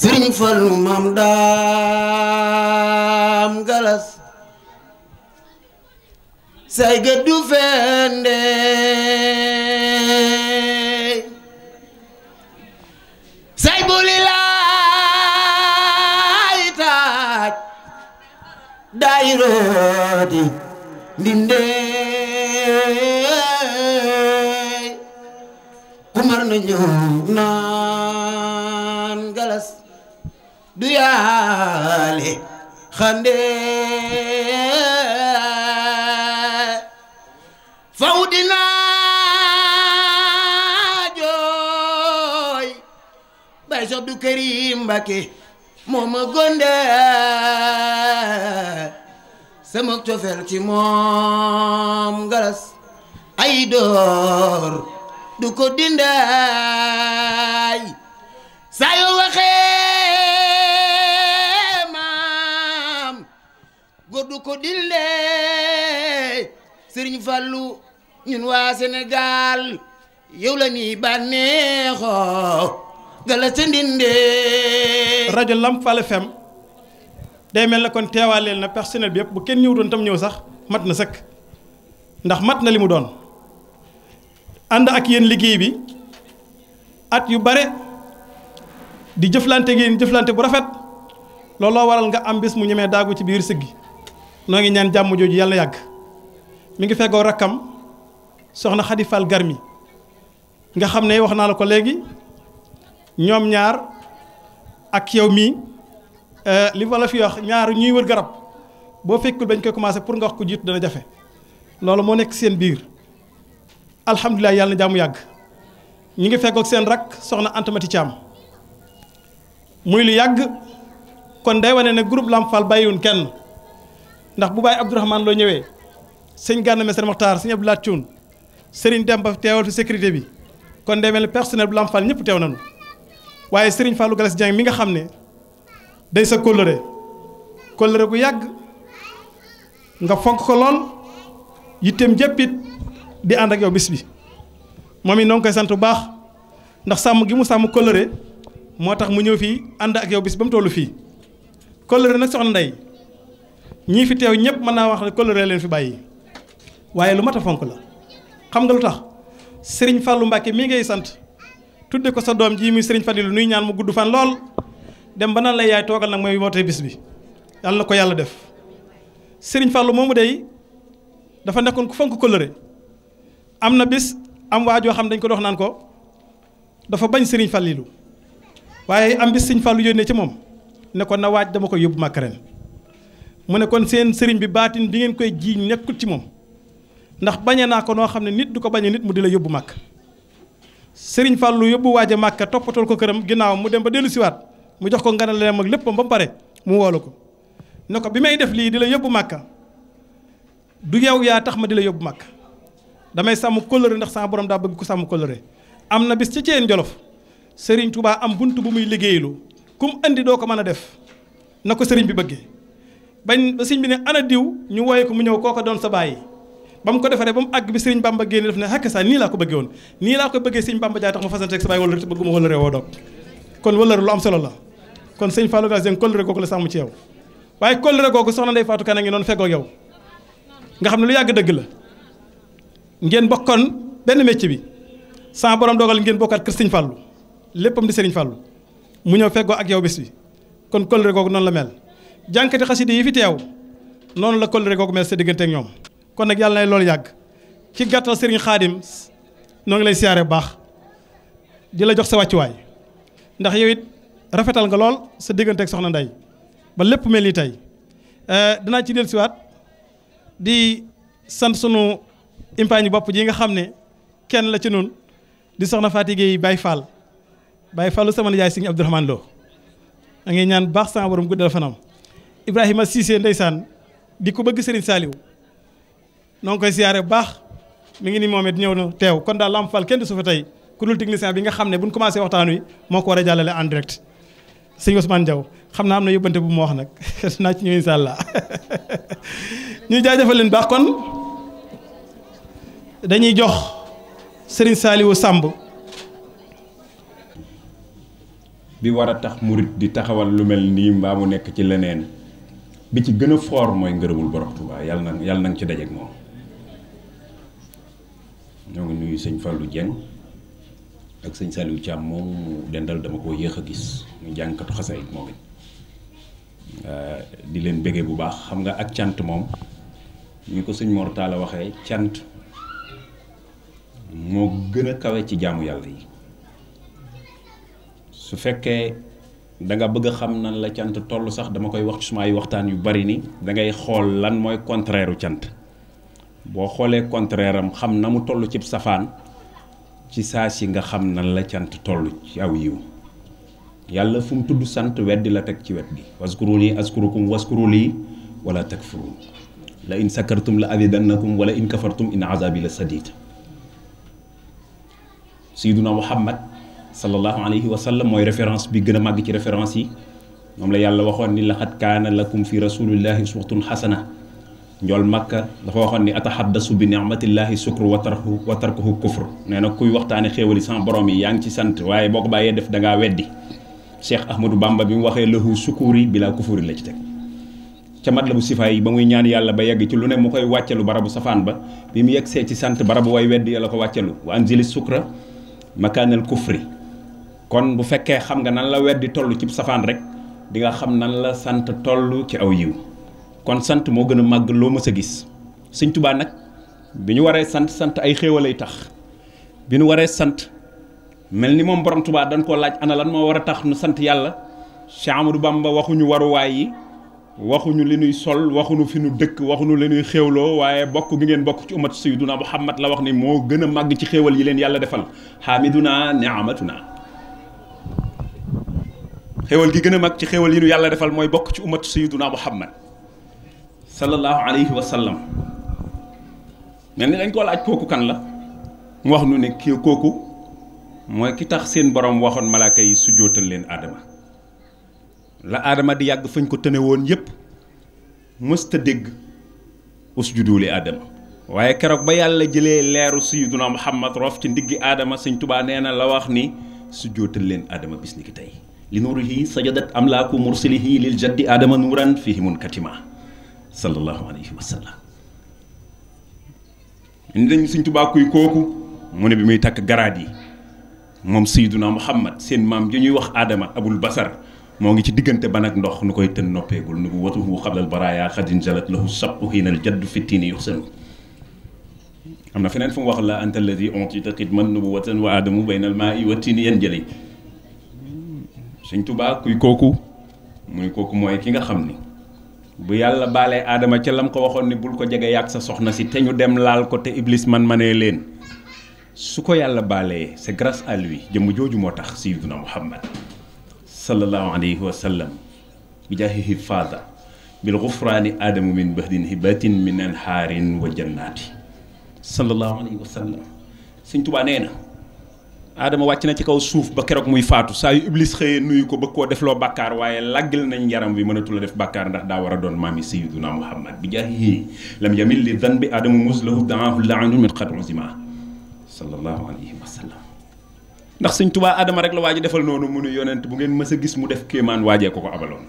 sëriñ Fallu maam daam galas say gëddu fende say buli laay taaj day rooti ndinde kumar na ñëw naa du yaale xande faw dinaa jooy bay sox du kërim Mbàkke moom a gonde sama cofeel ci moom galas ay door du ko dindaay saa yoo waxee du ko dindee sëriñ Fallou ñun waa Sénégal yow la ñuy bànneexoo gala sa rajo Lamp Fall FM day mel na kon teewaaleel na personnel bi yëpp bu kenn ñëw doon tam ñëw sax mat na sëkk ndax mat na li mu doon ànd ak yéen liggéey bi at yu bare di jëflante ak yéen jëflante bu rafet looloo waral nga am bis mu ñemee daagu ci biir sëggi noo ngi ñaan jàmm jooju yàlla yàgg mi ngi feggoo am soxna Xadi Fall Garmi nga xam ne wax naa la ko léegi ñoom ñaar ak yow mii euh, li wala fi wax ñaar ñuy wër garab boo fekkul bañ koy commencé pour nga wax ko jiit dana jafe loolu moo nekk seen biir alhamdulilah yàlla na jàmm yàgg ñu ngi feggoog seen rakk soxna Anta Mati Thiam muy lu yàgg kon day wane ne groupe Lamp Fall bàyyiwun kenn. ndax bu bàyyi Abdourahmane loo ñëwee sëñ Gana Messere Mokhtar sëñ Abdou Lahad Thioune sëriñ Demba teewal fi sécurité bi kon demee ne personnel bu Lamp Fall ñëpp teew nañu waaye sëriñ Fallou Galass Dieng mi nga xam ne day sa kóllëre kóllëre bu yàgg nga fonk ko lool yitteem jëppit di ànd ak yow bis bi moom it noo koy sant bu baax ndax sàmm gi mu sàmm kóllëre moo tax mu ñëw fii ànd ak yow bis ba mu tollu fii kóllëre nag soxna Ndey ñii fi teew ñëpp mën naa wax ne coloré leen fi bàyyi waaye lu mat a fonk la xam nga lu tax sëriñ Fallou Mbacke mii ngay sant tudde ko sa doom ji muy sëriñ Fadilou nuy ñaan mu gudd fan lool dem ba naan la yaay toogal nag mooy wootee bis bi yàlla na ko yàlla def sëriñ Fallou moomu day dafa nekkoon ku fonk coloré am na bis am waa joo xam dañ ko dox naan ko dafa bañ sëriñ Fallilou waaye am bis sëriñ Fallou yónnee ci moom ne ko na waaj dama ko yóbbu màkk ren mu ne kon seen sëriñ bi baatin bi ngeen koy jiiñ nekkul ci moom ndax bañe naa ko noo xam ne nit du ko bañe nit mu di la yóbbu màkk sëriñ Fallou yóbbu waaj a màkka toppatool ko këram ginnaaw mu dem ba dellu siwaat mu jox ko nganaleem ak léppam ba mu pare mu woolu ko ne ko bi may def lii di la yóbbu màkka du yow yaa tax ma di la yóbbu màkk damay sàmm kóllëre ndax sama borom daa bëgg ko sàmm kóllëre am na bis ca ceen jolof sëriñ Touba am bunt bu muy liggéeyalu kum andi doo ko mën a def na ko sëriñ bi bëggee bañ ba sëñ bi ne ana diw ñu wooye ko mu ñëw ko doon sa bàyyi ba mu ko defaree ba mu àgg bi sëriñ bamba génne def na xakk saa nii laa ko bëggee woon nii laa ko bëggee sëñ bamba jaay tax ma fasante ak sa bàyyi wala bëgguma wala réewoo doog kon wala lu am solo la kon sëñ Fallou Galass Dieng kóllëre googu la sàmm ci yow waaye kóllëre googu soxna Ndeye Fatou Kane ngi noonu feggoo yow nga xam ne lu yàgg dëgg la ngeen bokkoon benn métier bi sans borom dogal ngeen bokkaat kër sëñ Fallou léppam di sëriñ Fallou mu ñëw feggoo ak yow bis bi kon kóllëre googu noonu la mel jànkati xaside yi fi teew noonu la kóllëre googu mel sa diggante ak ñoom kon nag yàlla nay loolu yàgg ci gàttal sëriñ xaadim noo ngi lay siyaare bu baax di la jox sa wàccuwaay ndax yow it rafetal nga lool sa diggante ak soxna nday ba lépp mel ni tey eh, dinaa ci dellusiwaat di sant sunu impaañi bopp ji nga xam ne kenn la ci nun di soxna Faati Géey Baay Faal Baay Faalu sama yaay Sëriñ Abdourahmane Lo da ngay ñaan baax sama borom guddal fanam Ibrahima Cissé ndeysaan di ko bëgg Serigne Saliou noo ngi koy siyaare bu baax mu ngi ni moom it ñëw na teew kon daal Lamp Fall kenn du su fa tey ku dul technicien bi nga xam ne buñ commencé waxtaan wi moo ko war a jàllale en direct sëñ Ousmane Diaw xam naa am na yóbbante bu mu wax nag naa ci ñëw incha allah ñu jaajëfal leen baax kon dañuy jox Serigne Saliou Samb. bi war a tax murit di taxawal lu mel nii mbaa mu nekk ci leneen. bi ci gën a foor mooy ngërëmul borom Touba yàlla na yàlla na nga ci dajeeg moom ñoo ngi nuyu sëñ lu Dieng ak sëñ Saliou Thiam moom mu dendal dama ko yéex a gis mu jànkatu xasee it moom it leen béggee bu baax xam nga ak cant moom ñu ko sëñ Mor Talla waxee cant moo gën a kawe ci jaamu yàlla yi su fekkee da nga bëgg a xam nan la cant toll sax dama koy wax ci suma waxtaan yu bari nii da ngay xool lan mooy contraire u cant boo xoolee contraire am xam na mu toll cib safaan ci saa si nga xam nan la cant toll ci aw yiw yàlla fu mu tudd sant weddi la teg ci wet gi waskuru nii askurukum waskuru lii wala takfurun la in sakartum la azidannakum wala in kafartum in azabi la sadid sayyiduna muhammad sallallahu alayhi wa sallam mooy référence bi gën a màgg ci référence yi moom la yàlla waxoon ni laqad kaana lakum fi rasulillahi uswatun xasana njool makka dafa waxoon ni ataxaddasu bi nicmatillahi sukru wa tarku wa tarkuhu kufr nee na kuy waxtaane xéewali sans borom yi yaa ngi ci sant waaye boo ko bàyyee def da ngaa weddi cheikh ahmadou bamba bi mu waxee lahu sukuri bila kufuri la ci teg ca mat la bu sifaay yi ba muy ñaan yàlla ba yegg ci lu ne mu koy wàccalu barabu safaan ba bi mu yegg see ci sant barabu way weddi yàlla ko wàccalu wa anzili sukra makaanal kufri kon bu fekkee xam nga nan la weer di toll ci safaan rek di nga xam nan la sant toll ci aw yiw kon sant moo gën a màgg loo mës gis Sëñ Tuubaa nag bi ñu waree sant sant ay xéewal ay tax bi ñu waree sant mel ni moom borom Tuubaa dañ koo laaj ana lan moo war a tax nu sant yàlla Cheikh bam ba waxuñu waruwaay yi waxuñu li nuy sol waxuñu fi nu dëkk waxuñu li nuy xewloo waaye bokk gi ngeen bokk ci umat sayyiduna Muhammad la wax ni moo gën a màgg ci xéewal yi leen yàlla defal xaamiduna ni'matuna xewal gi gën a mag ci xewal yi nu yàlla defal mooy bokk ci ummatu sayyiduna muhammad sallallahu alayhi wa sallam mel ni dañ koo laaj kooku kan la mu wax nu ne kii kooku mooy ki tax seen boroom waxoon malaaka yi su jootal leen aadama la aadama di yàgg fañ ko tëne woon yépp mësta dégg usjudu li aadama waaye keroog ba yàlla jëlee leeru sayyiduna muhammad rof ci ndiggi aadama sëñ tubaa nee na la wax ni su jootal leen aadama bis ni ki tey li nuurihi sajadat amlaaku mursilihi lil jaddi aadama nuuran fihi munkatima sallallahu alayhi wa sallam ñu dañ suñ tubaa kuy kooku mu ne bi muy takk garaat yi moom sayyiduna muhammad seen maam ji ñuy wax aadama abul basar moo ngi ci diggante ban nag ndox nu koy tën noppeegul nu bu watuhu xablal baraaya xadin jalat lahu sappu xiinal jaddu fittiini yuxsanu am na feneen fu mu wax la anta alladi ontita xidman nubuwatan wa aadamu baynal maa i wattini yan jëli suñ tubaa kuy kooku muy ne kooku mooy ki nga xam ni bu yàlla baalee aadama ca lam ko waxoon ni bul ko jege yàgg sa soxna si te ñu dem laal ko te iblis man ma ne leen su ko yàlla baalee c'est grâce à lui jëmm jooju moo tax sayyiduna muhammad sallallahu alayhi wa sallam bi jaahihi faada bil gufraani aadamu min bahdin hibatin min anhaarin wa jannaati sallallahu alayhi suñ tubaa nee na aadama wàcc na ci kaw suuf ba keroog muy faatu saa yu iblis xëyee nuyu ko bëgg koo defloo bàkkaar waaye laggil nañ yaram bi mënatu la def bàkkaar ndax daa war a doon maami sayyiduna muhammad bi jaahihi lam yamil li dan bi adama muslahu daahu laanu min qad uzima ndax suñ tubaa aadama rek la waa ji defal noonu mu nu yonent bu ngeen mës a gis mu def kéemaan waajee ko ko abaloon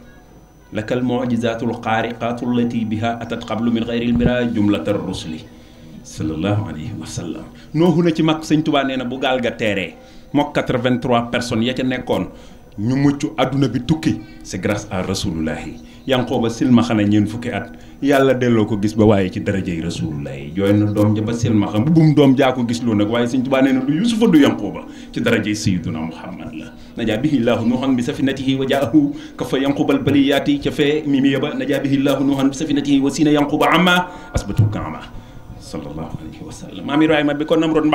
lakal mu'jizatul xaariqatu allati biha atat lu min xayri lmira jumlatar rusli sallallahu alayhi wa sallam noohu na ci mag sëñ tubaa nee na bu gaal ga teeree mook 83 personnes ya ca nekkoon ñu mucc àdduna bi tukki c'est grâce à rasulullahi yanqooba silmaxa na ñeen fukki at yàlla delloo ko gis ba waaye ci darajey rasulullahi jooy na doom ja ba silmaxa bu doom jaa ko gis loo nag waaye Sëñ Tuubaa nee na du yusufa du yanqooba ci darajey sayyiduna muhammad la najaa bihi llaahu nuuhan bi safinatihi wa jaahu ka fa yanqubal baliyaati ca fee mimi ba najaa bihi llaahu nuuhan bi safinatihi wa yanquba ama asbatuka ama sallallahu alayhi wa sallam maam Ibrahima bi ko Namrood mu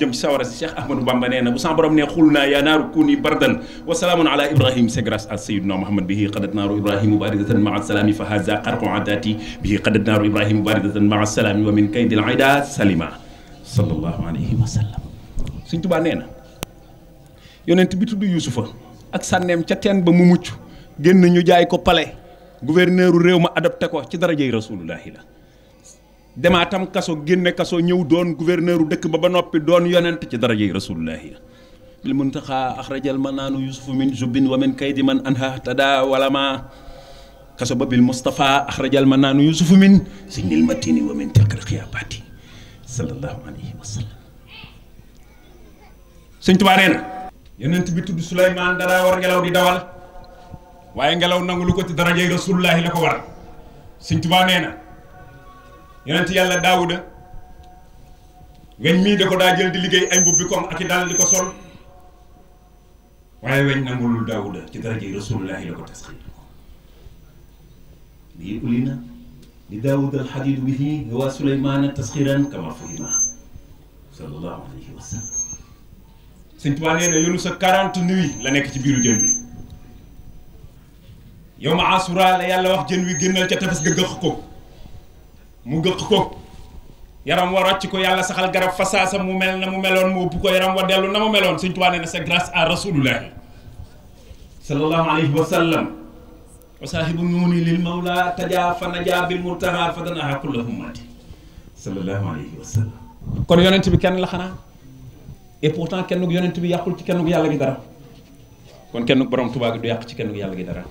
jëm ci sawara si Cheikh Ahmadou Bamba nee na bu sama borom ne xul naa yaa naaru kuuni salima sallallahu alayhi yonent bi tudd Yuusufa ak sànneem ca teen ba mu mucc génn ñu jaay ko palais gouverneuru réew ma adopté ko ci darajey rasulullahi la demaatam kaso génne kaso ñëw doon gouverneuru dëkk ba ba noppi doon yonent ci darajey rasulullahi bil muntaxa axrajal ma naanu yusufu min jubin wa min man anha tada wala ma kaso ba bil mustafa axrajal ma naanu yusufu min sinil matini wa min tilkal xiyaabati sallallahu alayhi wa sallam sëñ tubaa nee na yonent bi tudd Souleymane dara war ngelaw di dawal waaye ngelaw nangu lu ko ci darajey rasulullahi la ko waral sëñ tubaa nee na yonent yàlla daawuda weñ mii da ko daa jël di liggéey ay mbubbi comme ak i dal di ko sol waaye weñ nangulul daawuda ci daraje rasulullahi la ko tasxiir lii uli na li daawuda alxadidu bihi wa suleymaana tasxiiran kama fahima sallallahu alayhi na yoonu sa quarante nuits la nekk ci biiru jën bi yow ma asura la yàlla wax jën wi génnal ca tefes ga ko mu gëq ko yaram wa rocc ko yàlla saxal garab fasaasa mu mel na mu meloon mu ëpp ko yaram wa dellu na mu meloon Sëñ Tuubaa nee na c'est grâce à rasulullahi sallallahu alayhi wa sallam wa saahibu nuuni lil mawla tajaa fa najaa bil murtaha fa danaha kulla hummati sallallahu alayhi wa sallam kon yonent bi kenn la xanaa et pourtant kenn ku yonent bi yàqul ci kenn ku yàlla gi dara kon kenn ku borom Tuubaa gi du yàq ci kenn ku yàlla gi dara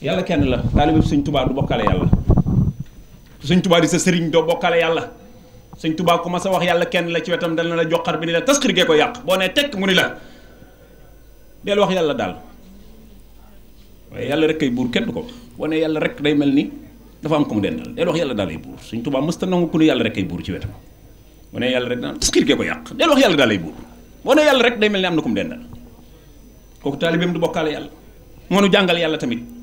yàlla kenn la taalibab Sëñ Tuubaa du bokkale yàlla sëñ tubaa di sa sëriñ doo bokkale yàlla sëñ tubaa ku ma sa wax yàlla kenn la ci wetam dal na la joxar bi ni la tasxir gee ko yàq boo nee tekk mu ni la del yàlla daal waaye yàlla rek kay buur kenn ko wax yàlla rek day mel ni dafa am ko mu dendal del wax yàlla daal ay buur yàlla rek kay buur ci wetam boo nee yàlla rek yàq del wax yàlla daal ay buur boo nee yàlla rek day mel ni am na ko mu dendal kooku taalibeem du bokkaale yàlla moo nu jàngal yàlla tamit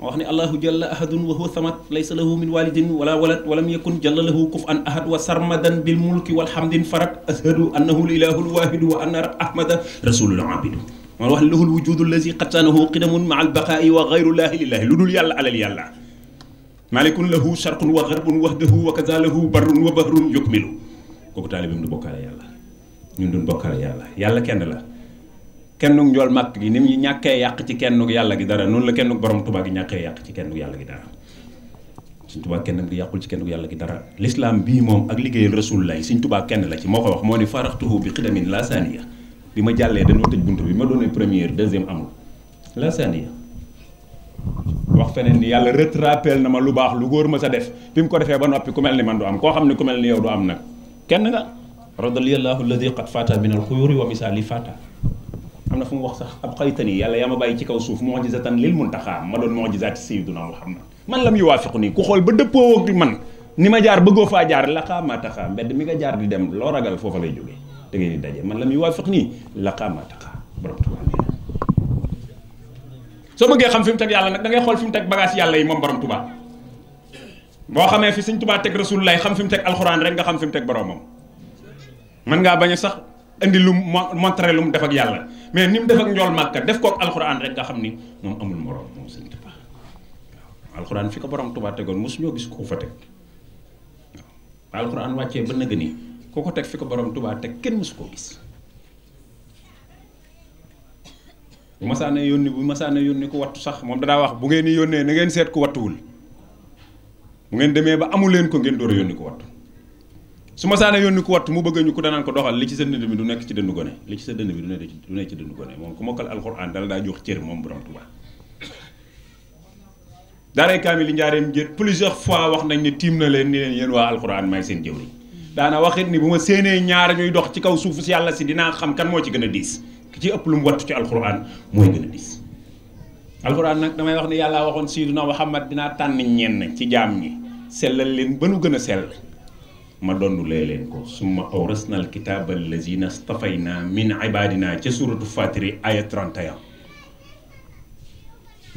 moo wax ne allahu jalla ahadun wa huwa samad laysa lahu min walidin wala walad walam yakun jalla lahu kuf an ahad wa sarmadan bil mulki walhamdin farad ashadu annahu l ilahul wahidu wa anna ahmada rasulul abidu moo wax ne lahul wujudu allazi qattaanahu qidamun maa albaqaa'i wa gayrullahi lillahi lu dul yàlla alal yàlla maalikun lahu sharqun wa garbun wahdahu wa kaza lahu barrun wa bahrun yukmilu kooku taalibam du bokkaale yàlla ñun duñ bokkaale yàlla yàlla kenn la kennug njool màkk gi ni mu ñàkkee yàq ci kennug yàlla gi dara noonu la kennug borom Tuubaa gi ñàkkee yàq ci kennug yàlla gi dara Sëñ Tuubaa kennam gi yàqul ci kennug yàlla gi dara l'islam bii moom ak liggéeyal rasul lay suñ Tuubaa kenn la ci moo ko wax moo ni faraxtuhu bi xidamin la saaniya bi ma jàllee dañoo tëj bunt bi ma doonee première deuxième amul la saaniya wax feneen ni yàlla rattrapé na ma lu baax lu góor ma sa def bi mu ko defee ba noppi ku mel ni man du am koo xam ne ku mel ni yow du am nag kenn nga radiyallahu alladi qad fata min alxuyuri wa misali fata am na fu mu wax sax ab xaytani yàlla yaa ma bàyyi ci kaw suuf mujizatan lil muntaxa ma doon mujizaati sayyiduna Muhammad man lam yuwaafiqu nii ku xool ba dëppoo ak ni ma jaar bëggoo faa jaar laqaa maa taxaa mbedd mi nga jaar di dem loo ragal foofa lay jógee da ngeen di daje man lam yuwaafiq nii laqaa maa borom Tuubaa soo bëggee xam fi mu teg yàlla nag da ngay xool fi mu teg bagage yàlla yi moom borom Tuubaa boo xamee fi suñ Tuubaa teg Rasulullah xam fi mu teg alxuraan rek nga xam fi mu teg boromam mën ngaa bañ sax indi lu montré lu mu def ak yàlla mais ni mu def ak njool màkka def kook alxuraan rek nga xam ni moom amul moroom moom sëñ Tuubaa alxuraan fi ko borom Tuubaa tegoon mosuñoo gis ko fa teg waaw alxuraan wàccee ba nëgg ni ku ko teg fi ko borom Tuubaa teg kenn su koo gis bu yoon yónni bu masaana yónni ku wattu sax moom danaa wax bu ngeen di yónnee na ngeen seet ku wattuwul bu ngeen demee ba amu leen ko ngeen door a yónni ku wattu su ma yoon ni ku wattu mu bëgg ñu ko danaan ko doxal li ci sa dënd bi du nekk ci dëndu gone li ci sa dënd bi du nekk ci dëndu gone moom ku mokkal alxuraan dala daa jox cër moom borom Tuubaa daaray kaamil li njaareem jër plusieurs fois wax nañ ne tiim na leen ni leen yéen waa alxuraan maay seen jëwriñ daana waxit ni bu ma séenee ñaar ñuy dox ci kaw suufu si yàlla si dinaa xam kan moo ci gën a diis ki ci ëpp lu mu wattu ci alxuraan mooy gën a diis nag damay wax ne yàlla waxoon Seydina Muhammad dinaa tànn ñenn ci jaam ñi sellal leen ba gën a ma dondulee leen ko summa awrasna al kitaaba allazina stafayna min ibadina ca suratu fatiri aya 31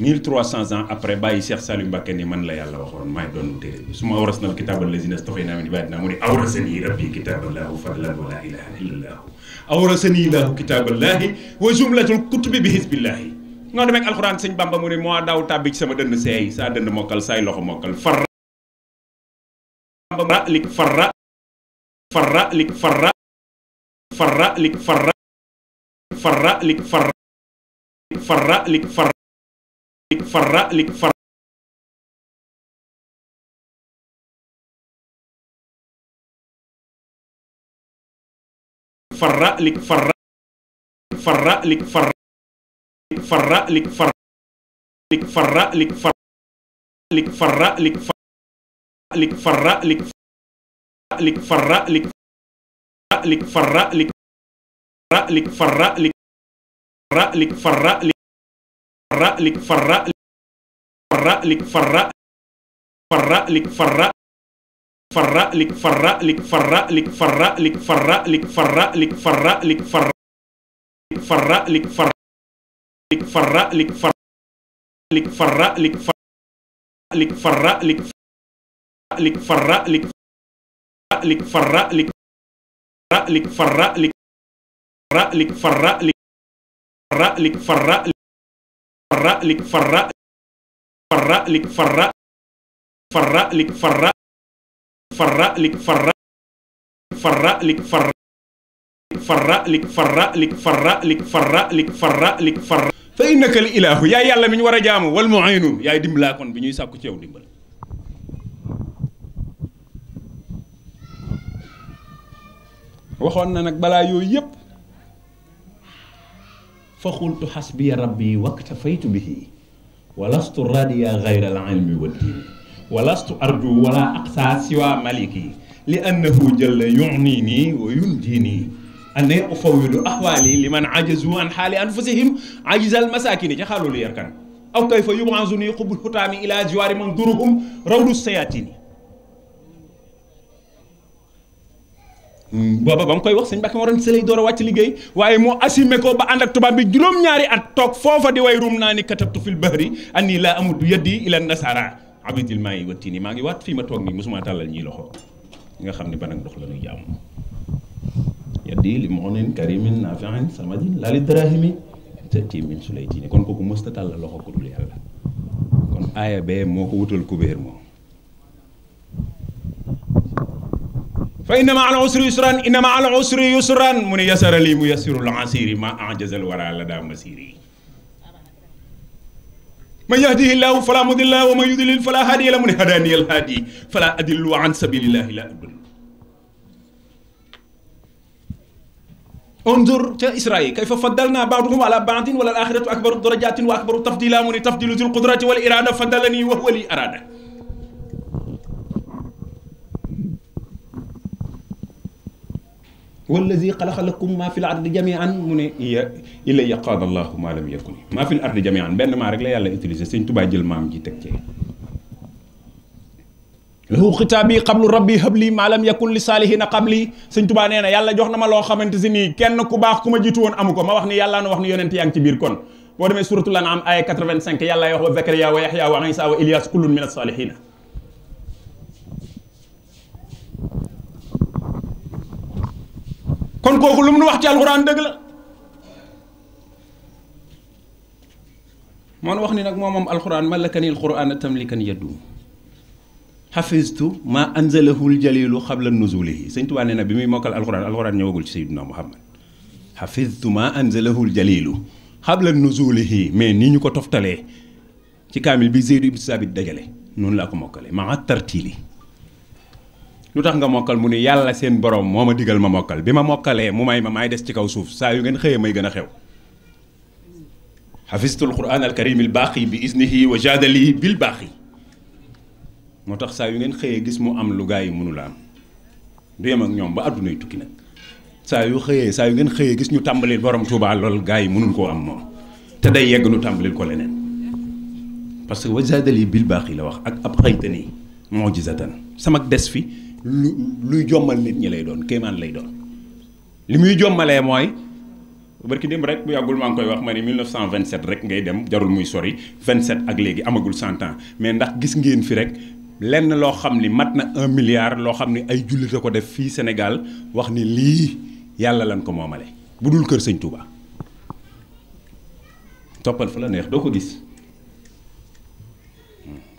1300 ans après bàyyi Cheikh Saliou Mbacké ni man la yàlla waxoon maay doon téere bi summa awrasna al kitaaba allazina stafayna min ibadina mu ne awrasani rabbi kitaaballahu fadlan wa la ilaha illallahu awrasani lahu kitaaballahi wa jumlatul kutubi bi hisbillahi nga demee ak alxuraan sëñ Bamba mu ne moo daaw tàbbi ci sama dënd seey saa dënd mokkal saay loxo mokkal farra lik farra farra lik farra farra lik farra farra lik farra farra lik farra lik farra lik farra farra lik farra farra lik farra lik farra lik farra lik farra lik farra lik farra lik farra lik farra lik lik farra lik lik farra lik lik farra lik lik farra lik lik farra lik farra farra lik farra farra lik farra lik farra lik farra lik farra lik farra lik farra lik farra lik farra lik farra lik farra lik farra lik farra lik farra lik farra lik lik farra lik lik farra lik lik farra lik lik farra lik farra lik farra farra lik farra farra lik farra farra lik farra farra lik farra farra lik farra farra lik farra lik farra lik farra lik farra lik farra fa innaka li ilaahu yaay yàlla mi ñu war a jaamu wal mu'inu yaay dimbalaa kon bi ñuy sàkku ci yow dimbal waxoon na nag balaa yooyu yëpp fa xultu xasbiya rabbi waktafaytu bihi walastu radiya gayra al ilmi wa diini walastu arju wala aqsa siwa maliki li annahu jalla yunini wa yunjini anni ufawidu ahwali liman ajazu an xaali anfusihim ajiz al masakini ca xaalulu yarkan aw kayfa yubansuni xubul xutaami ila jiwaari man duruhum rawdu sayatini booba ba mu koy wax sëñ Mbàkke Moroom si lay door a wàcc liggéey waaye moo assumé ko ba ànd ak tubaab bi juróom-ñaari at toog foofa di way ruum naa ni katabtu fil bahri anni laa amudu yaddi ila nasara abidil maa ngi wattii nii maa ngi waat fii ma toog nii mosuma tàllal ñii loxo nga xam ne ban ak dox la ñuy jaamu yaddi li moonin karimin nafiin samadin laali drahimi tati min su lay tiini kon kooku mësta tàllal loxo ku dul yàlla kon aaya bee moo ko wutal kubéer moom fa inna ma al usri yusran inna ma al usri yusran mu ne yasara lii mu yasirul asiri ma ajazal wara la daa masiri man yahdihi llahu fala mudilla lahu wa man yudlil fala hadiya lahu mu ne hadani al hadi fala adillu an sabilillahi la abdul انظر تا اسرائيل كيف فضلنا بعضهم على بعض وللاخره اكبر درجات واكبر تفضيلا من تفضيل ذي القدره والاراده فضلني وهو لي اراده wallazi xalaqa lakum maa fil ardi jamian mu ne iya ilayya qaada allahu maa lam yakun maa fil ardi jamian benn maa rek la yàlla utilisé sëñ Tuubaa jël maam ji teg cee lahu xitaabi xablu rabbi habli maa lam yakun li saalihina xabli sëñ Tuubaa nee na yàlla jox na ma loo xamante si nii kenn ku baax ku ma jiitu woon amu ko ma wax ni yàllaa nu wax ni yonent yaa ngi ci biir kon boo demee suratul an'am aaya 85 yàlla wax wa zakariya wa yaxya wa isa wa ilyas kullun min as-salihina kon kooku lu mu wax ci alxuraan dëgg la moon wax ni nag moo moom alxuraan malakani alxuraan tamlikan yaddu xafistu ma anzalahul jalilu xab nuzulihi sëñ Tuubaa nee na bi muy mokkal alxuraan alxuraan ñëwagul ci sayyiduna Muhammad xafistu ma anzalahul jalilu xabla nuzulihi mais ni ñu ko toftalee ci kaamil bi Zeydu ibn Sabit dajale noonu laa ko mokkale maa tartiili lu tax nga mokkal mu ni yàlla seen borom moo ma digal ma mokkal bi ma mokkalee mu may ma maay des ci kaw suuf saa yu ngeen xëyee may gën a xew xafistul quran al bi il baaqi bi isnihi wa jadali moo tax saa yu ngeen xëyee gis mu am lu gaa yi mënula am ak ñoom ba àddunay tukki nag saa yu xëyee saa yu xëyee gis ñu tàmbalil borom Touba lool gaa yi mënul koo am moom te day yegg nu tàmbalil ko leneen parce que wa jadali bil baaqi la wax ak ab xëytani mujizatan sama des fi lu luy jommal nit ñi lay doon kéemaan lay doon li muy jommalee mooy barki dem rek bu yàggul maa ngi koy wax ma cent ne 1927 rek ngay dem jarul muy sori 27 ak léegi amagul 100 ans mais ndax gis ngeen fi rek lenn loo xam ni mat na un milliard loo xam ni ay jullit ko def fii senegal wax ni lii yàlla lan ko moomale bu dul kër sëñ Touba toppal fa la neex doo ko gis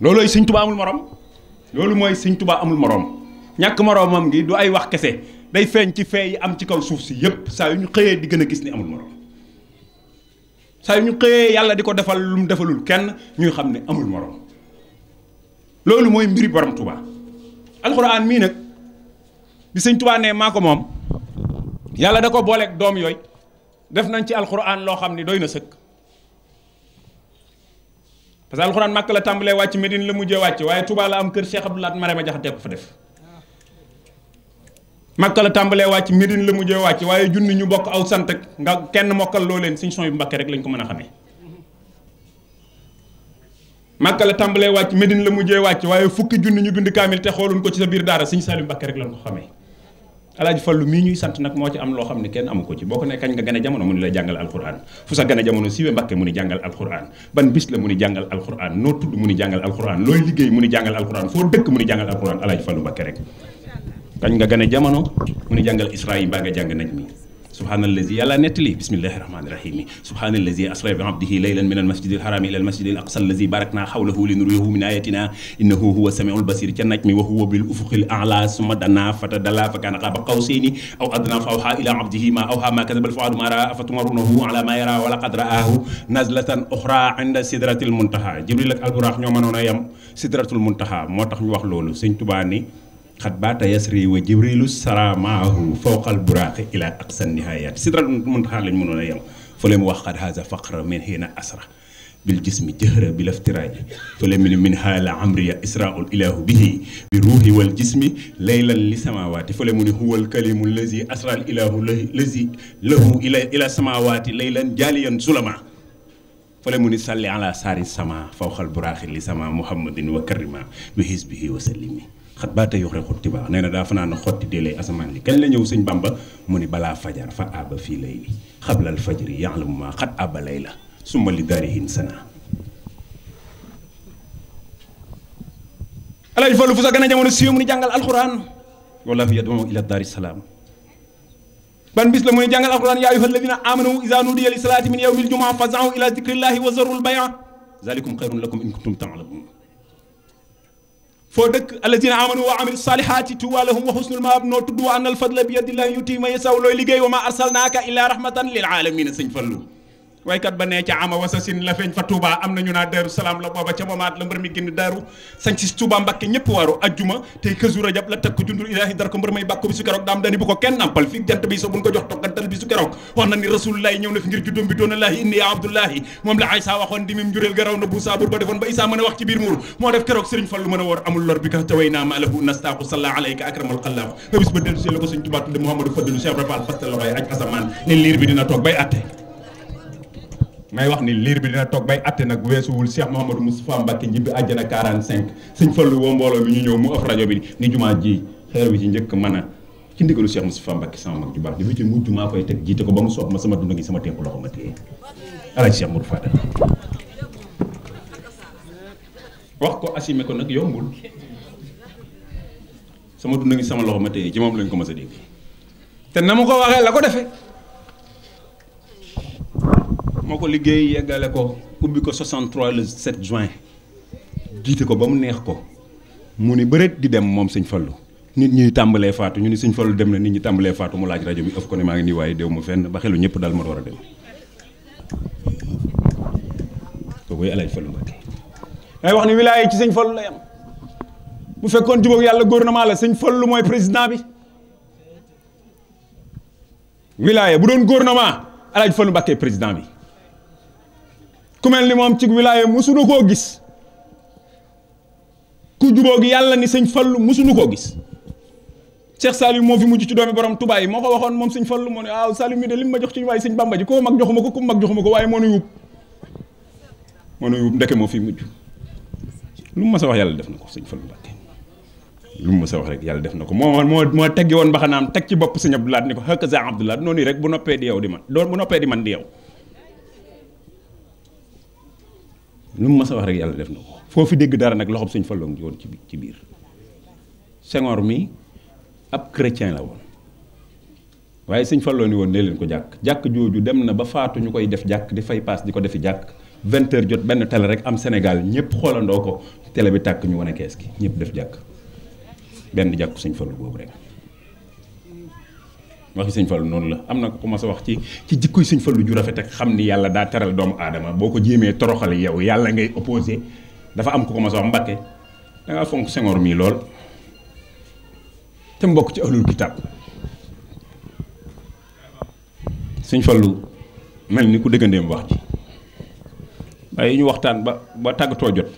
loolooy sëñ Touba amul moroom loolu mooy sëñ tubaa amul morom. ñàkk moroomam gi du ay wax kese day feeñ ci fee yi am ci kaw suuf si yépp saa yu ñu xëyee di gën a gis ni amul moroom saa yu ñu xëyee yàlla di ko defal lu mu defalul kenn ñuy xam ne amul moroom loolu mooy mbiri borom Touba alxuraan mii nag bi sëñ Touba ne maa ko moom yàlla da ko booleeg doom yooy def nañ ci alxuraan loo xam ni doy na sëkk parce que alxuraan màkk la tàmbalee wàcc Medine la mujjee wàcc waaye Touba la am kër Cheikh Abdoulaye ma Jaxate ko fa def makka la tàmbalee wàcc Médine la mu mujjee wàcc waaye junni ñu bokk aw sant ak nga kenn mokkal looleen leen suñ son yu Mbàkke rek lañ ko mën a xamee. makka la la mujjee wàcc waaye fukki junni ñu bind kaamil te xooluñ ko ci sa biir daara suñ Saliou Mbàkke rek lañ ko xamee. alaaji fallu mii ñuy sant nag moo ci am loo xam ne kenn amu ko ci boo ko ne kañ nga gën a jamono mu ni la jàngal alquran fu sa gën a jamono siiwee mbàkke mu ni jàngal alquran ban bis la mu ni jàngal alquran noo tudd mu ni jàngal alquran looy liggéey mu ni jàngal alquran foo dëkk mu ni jàngal alquran alaaji fallu mbàkke rek kañ nga gane jamono mu ne jàngal isra yi mbaa nga jàng naj mi subhaanallazi yàlla nettali bismillahi rahmaani rahim yi subhaanallazi asra bi abdihi laylan min almasjidi alxaraami ila almasjidi al aqsa allazi barakna xawlahu linuriyahu min ayatina innahu huwa samiul basir ca naj mi wa huwa bil ufuqil ala summa dana fatadalla fa kaana qaaba qawsayni aw adna fa awha ila abdihi ma awha ma kadaba alfuaadu ma raa afatumarunahu ala ma yara wa laqad raahu nazlatan oxra inda sidratil muntaha jibril ak alburaax ñoo mënoon a yem sidratul muntaha moo tax ñu wax loolu sëñ tubaa ni xat baata yasri wa jibrilu sara maahu fawqal buraaqi ila aqsa nihayaat sidratul muntaha lañ mënoon a yem fële mu wax xat haza faqra min hiina asra bil jismi jëhra bi laftiraaji fële mu ne min haala amriya israul ilahu bihi bi ruuhi wal jismi laylan li samawaati fële mu ne huwal kalimu lazi asral ilahu lazi lahu ila ila samawaati laylan jaaliyan sulama fële mu ni salli ala saari sama fawqal buraaxi li sama muhammadin wa karima bi hisbihi wa sallimi xat baata yox rek xotti baa nee na daa fanaan xotti dee lay asamaan li kañ la ñëw sëñ bamba mu ni balaa fajar fa aba fii lay li xablal fajri ya'lamu maa xat aba lay la summa li daarihin sana alaaji Fallu fu sa gën a jamono siiw mu ni jàngal alxuraan wala fi yad'u ila daari salaam ban bis la mu ni jàngal alxuraan yaa ayyuha alladina amanu iza nudiya li salaati min yawmil jumaa faz'u ila zikrillahi wa zarul bay'a zalikum xayrun lakum in kuntum ta'lamun foo dëkk alladina amanu wa amilu salihati tuuba lahum wa husnul maab noo tudd wa annal fadla bi yadillahi yuti man yasaw looy liggéey wa ma arsalnaaka illa rahmatan lil alamina sëñ Fallu waykat ba nee ca ama wasa sin la feeñ fa Touba am na ñu naa Daaru la booba ca moomaat la mbër mi génn daaru sañ si Touba Mbakke ñëpp waaru ajjuma tey kësu rajab la takk jundur ilaahi dar ko mbër may bàkko bi su keroog daam dani bu ko kenn nampal fii jant bi so buñ ko jox toggantal bi su keroog wax na ni rasulullahi ñëw na fi ngir juddóom bi doona laahi inni ya abdullahi moom la Aysa waxoon di mim njureel garaw na bu saabur ba defoon ba a wax ci biir muur moo def may wax ni liir bi dina toog bay atte nag weesuwul Cheikh Mouhamadou Moustapha Mbacke njibbi àjjana 45 sëñ Fallu woo mbooloo mi ñu ñëw mu af rajo bi ni jumaa ji xeer bi ci njëkk mën a ci ndigalu Cheikh Moustapha Mbacke sama mag ju baax bi ci mujj maa koy teg jiite ko ba mu soob ma sama dund gi sama tenk loxo ma téye alaaji Cheikh Mourou wax ko assumé ko nag yombul sama dund sama loxo ma téye ci moom lañ ko mës dégg te na mu ko waxee la ko defee moo ko liggéey yeggale ko ubbi ko 63 le 7 juin jiite ko ba mu neex ko mu ni bëreet di dem moom sëñ Fallu nit ñuy tàmbalee faatu ñu ni sëñ Fallu dem na nit ñi tàmbalee faatu mu laaj rajo bi ëf ko ne maa ngi nii waaye déw ma fenn ba xelu ñëpp daal ma war a dem kooku El Hadj Fallu Mbacké day wax ni wilaaya ci sëñ Fallu lay am bu fekkoon jubóog yàlla gouvernement la sëñ Fallu mooy président bi wilaaya bu doon gouvernement El Hadj Fallu Mbacké président bi ku mel ni moom ci wilaaya musunu koo gis ku jubóog yàlla ni sëñ fallu musunu koo gis Cheikh Saliou moo fi mujj ci doomi borom tubaay yi moo ko waxoon moom sëñ lu moo ne waaw ah, Saliou mi jox ci waaye sëñ Bamba ji koo mag joxuma ko ku mag joxuma ko waaye moo nu yub moo nu yub ndeke moo fi mujj lu mu ma sa wax yàlla def na ko sëñ fallu Mbàkke lu mu ma sa wax rek yàlla def na ko moo moo moo teggi woon mbaxanaam teg ci bopp sëñ Abdoulaat ni ko xëkk sa Abdoulaat noonu rek bu noppee di yow di man doon bu noppee di man di yow lu mu mës a wax rek yàlla def na ko foofu dégg dara nag loxoom suñ falloo ngi woon ci biir Senghor mi ab chrétien la woon waaye suñ falloo ni woon ne leen ko jàkk jàkk jooju dem na ba faatu ñu koy def jàkk di fay paas di ko defi jàkk 20 jot benn télé rek am senegal ñëpp xoolandoo ko tele bi tàkk ñu wane kees gi ñëpp def jàkk benn jàkku suñ falloo boobu rek waxi sëñ Fallu noonu la am na ko commencé wax ci ci jikkoy sëñ falu ju rafet ak xam ni yàlla daa teral doomu aadama boo ko jéemee toroxal yow yàlla ngay opposé dafa am ko commencé wax Mbàkke da ngaa fonk Senghor mii lool te mbokk ci ahlul kitaab sëñ Fallu mel ni ku dëggandeem wax ci waaye ñu waxtaan ba ba tàggatoo jot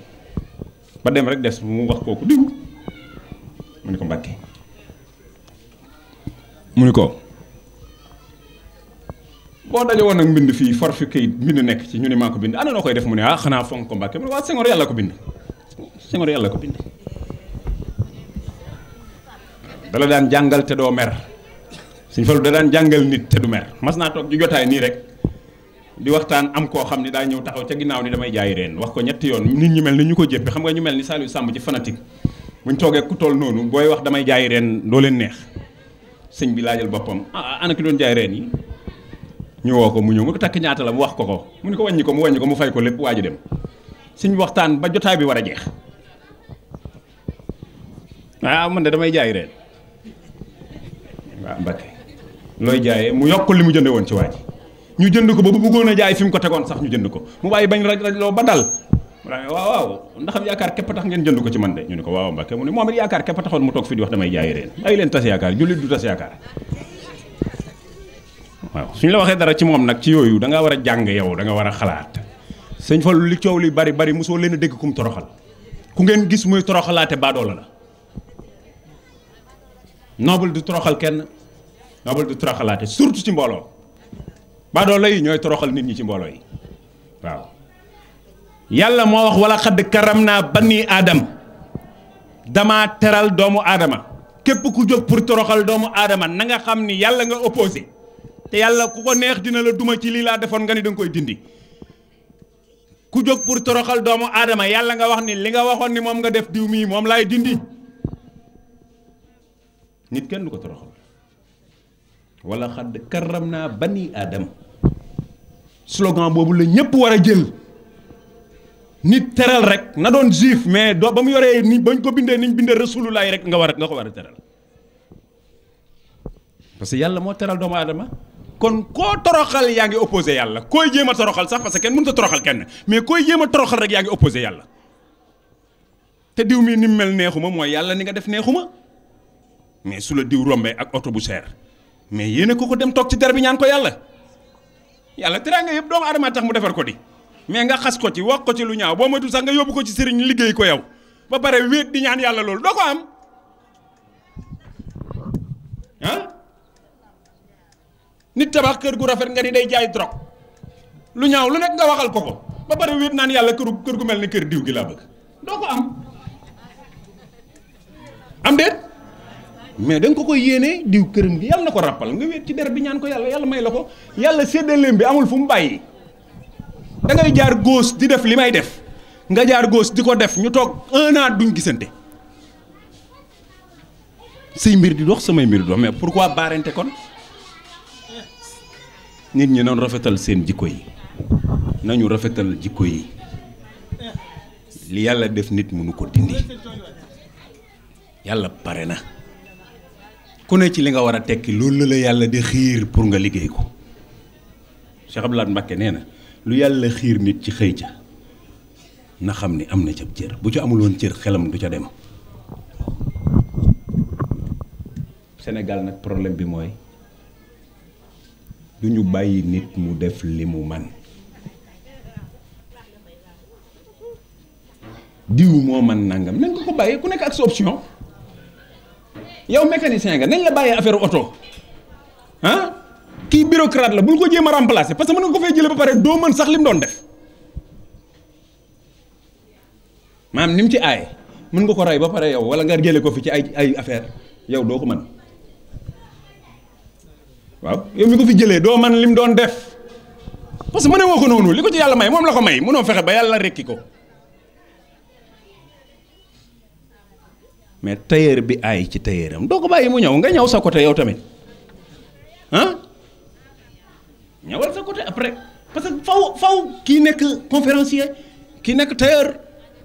ba dem rek des mu wax kooku diw mu ni ko Mbàkke mu ni ko boo daje woon nag mbind fii far fi këyit mbind nekk ci ñu ne maa ko bind ana noo koy def mu ne ah xanaa fonk ko Mbàkke mu ne waa Senghor yàlla ko bind Senghor yàlla ko bind dala daan jàngal te doo mer suñ falu da daan jàngal nit te du mer mas naa toog ju jotaay nii rek di waxtaan am koo xam ne daa ñëw taxaw ca ginnaaw ni damay jaay reen wax ko ñetti yoon nit ñu mel ni ñu ko jéppi xam nga ñu mel ni Saliou Samb ci fanatique buñ toogee ku toll noonu booy wax damay jaay reen doo leen neex sëñ bi laajal boppam ah, ah ana ki ñu woo ko mu ñëw mu ko takk ñaata la mu wax ko ko mu ni ko wàññi ko mu wàññi ko mu fay ko lépp waa dem suñ waxtaan ba jotaay bi war a jeex ah man de damay jaay reen waaw Mbacke looy jaayee mu yokk li mu jënde woon ci waa ji ñu jënd ko ba a sax ñu jënd ko mu raj rajloo ba dal mu daal waaw waaw ndax am yaakaar képp tax ngeen jënd ko ci man de ñu ne ko waaw Mbacke mu ne moom it yaakaar képp taxoon mu toog fii di wax damay jaay reen bàyyi tas yaakaar jullit du tas yaakaar waaw suñ la waxee dara ci moom nag ci yooyu danga war a jàng yow da war a xalaat sëñ Fallou li coow li bari bari mosoo leen a dégg kum toroxal ku ngeen gis muy toroxalaate baadoola la noble du toroxal kenn noble du toroxalaate surtout ci mbooloo baadoola yi ñooy toroxal nit ñi ci mbooloo yi waaw yàlla moo wax wala xadd karam naa bani aadam dama teral doomu aadama képp ku jóg pour toroxal doomu aadama na nga xam ni yàlla nga opposé te yàlla ku ko neex dina la duma ci lii laa defoon nga ni danga koy dindi ku jóg pour toroxal doomu aadama yàlla nga wax ni li nga waxoon ni moom nga def diw mii moom laay dindi nit kenn du ko toroxal wala xadd karam naa bani aadama slogan boobu la ñëpp war a jël nit teral rek na doon juif mais doo ba mu yoree ni bañ ko bindee ñu bindee rasululaay rek nga war a nga ko war a teral parce que yàlla moo teral doomu aadama kon koo toroxal yaa ngi opposé yàlla kooy jéema toroxal sax parce que kenn mënut a toroxal kenn mais koy jéem a toroxal rek yaa ngi opposé yàlla te diw mi ni mu mel neexuma mooy yàlla ni nga def neexuma mais su la diw rombee ak oto bu cher mais yéen a ko ko dem toog ci dara bi ñaan ko yàlla yàlla nga teraanga yëpp doomu aadama tax mu defar ko di mais nga xas ko ci wax ko ci lu ñaaw boo moytu sax nga yóbbu ko ci sëriñ liggéey ko yow ba pare wéet di ñaan yàlla loolu doo ko am nit tabax kër gu rafet nga ni day jaay drogue lu ñaaw lu nekk nga waxal ko ko ba pare wéet naan yàlla këru kër gu mel ni kër diw gi laa bëgg doo ko am am déet mais da ko ko yéene yéenee diw këram gi yàlla na ko ràppal nga wéet ci der bi ñaan ko yàlla yàlla may la ko yàlla séddaleem bi amul fu mu bàyyi dangay jaar góos di def li may def nga jaar góos di ko def ñu toog un duñ gisante say mbir di dox samay mbir di dox mais pourquoi baarante kon nit ñi noonu rafetal seen jikko yi nañu rafetal jikko yi li yàlla def nit mënu ko dindi yàlla pare na ku ne ci li nga war a tekki loolu la yàlla di xiir pour nga liggéey ko Cheikh Abdou Lahad Mbacké nee na lu yàlla xiir nit ci xëy ca na xam ni am na ca cër bu ca amul woon cër xelam du ca dem Sénégal nag problème bi mooy du ñu bàyyi nit mu def li mu man diwu moo man nangam nañ ko ko bàyyi ku nekk ak sa option yow mécanicien nga nañ la bàyyee affaire oto ah kii bureaucrate la bul ko jéem a remplacer parce que mën nga ko fay jëlee ba pare doo mën sax li mu doon def maanaam ni mu ci aaye mun nga ko rey ba pare yow wala nga jëlee ko fi ci ay ay affaire yow doo ko mën. waaw yow mi ko fi jëlee doo man lim doon def parce que mënewoo ko noonu li ko ci yàlla may moom la ko may mënoo fexe ba yàlla rekki ko mais tailleur bi ay ci tailleuram doo ko bàyyi mu ñëw nga ñëw sa côté yow tamit ah ñëwal sa côté après parce que faw faw kii nekk conférencier kii nekk tailleur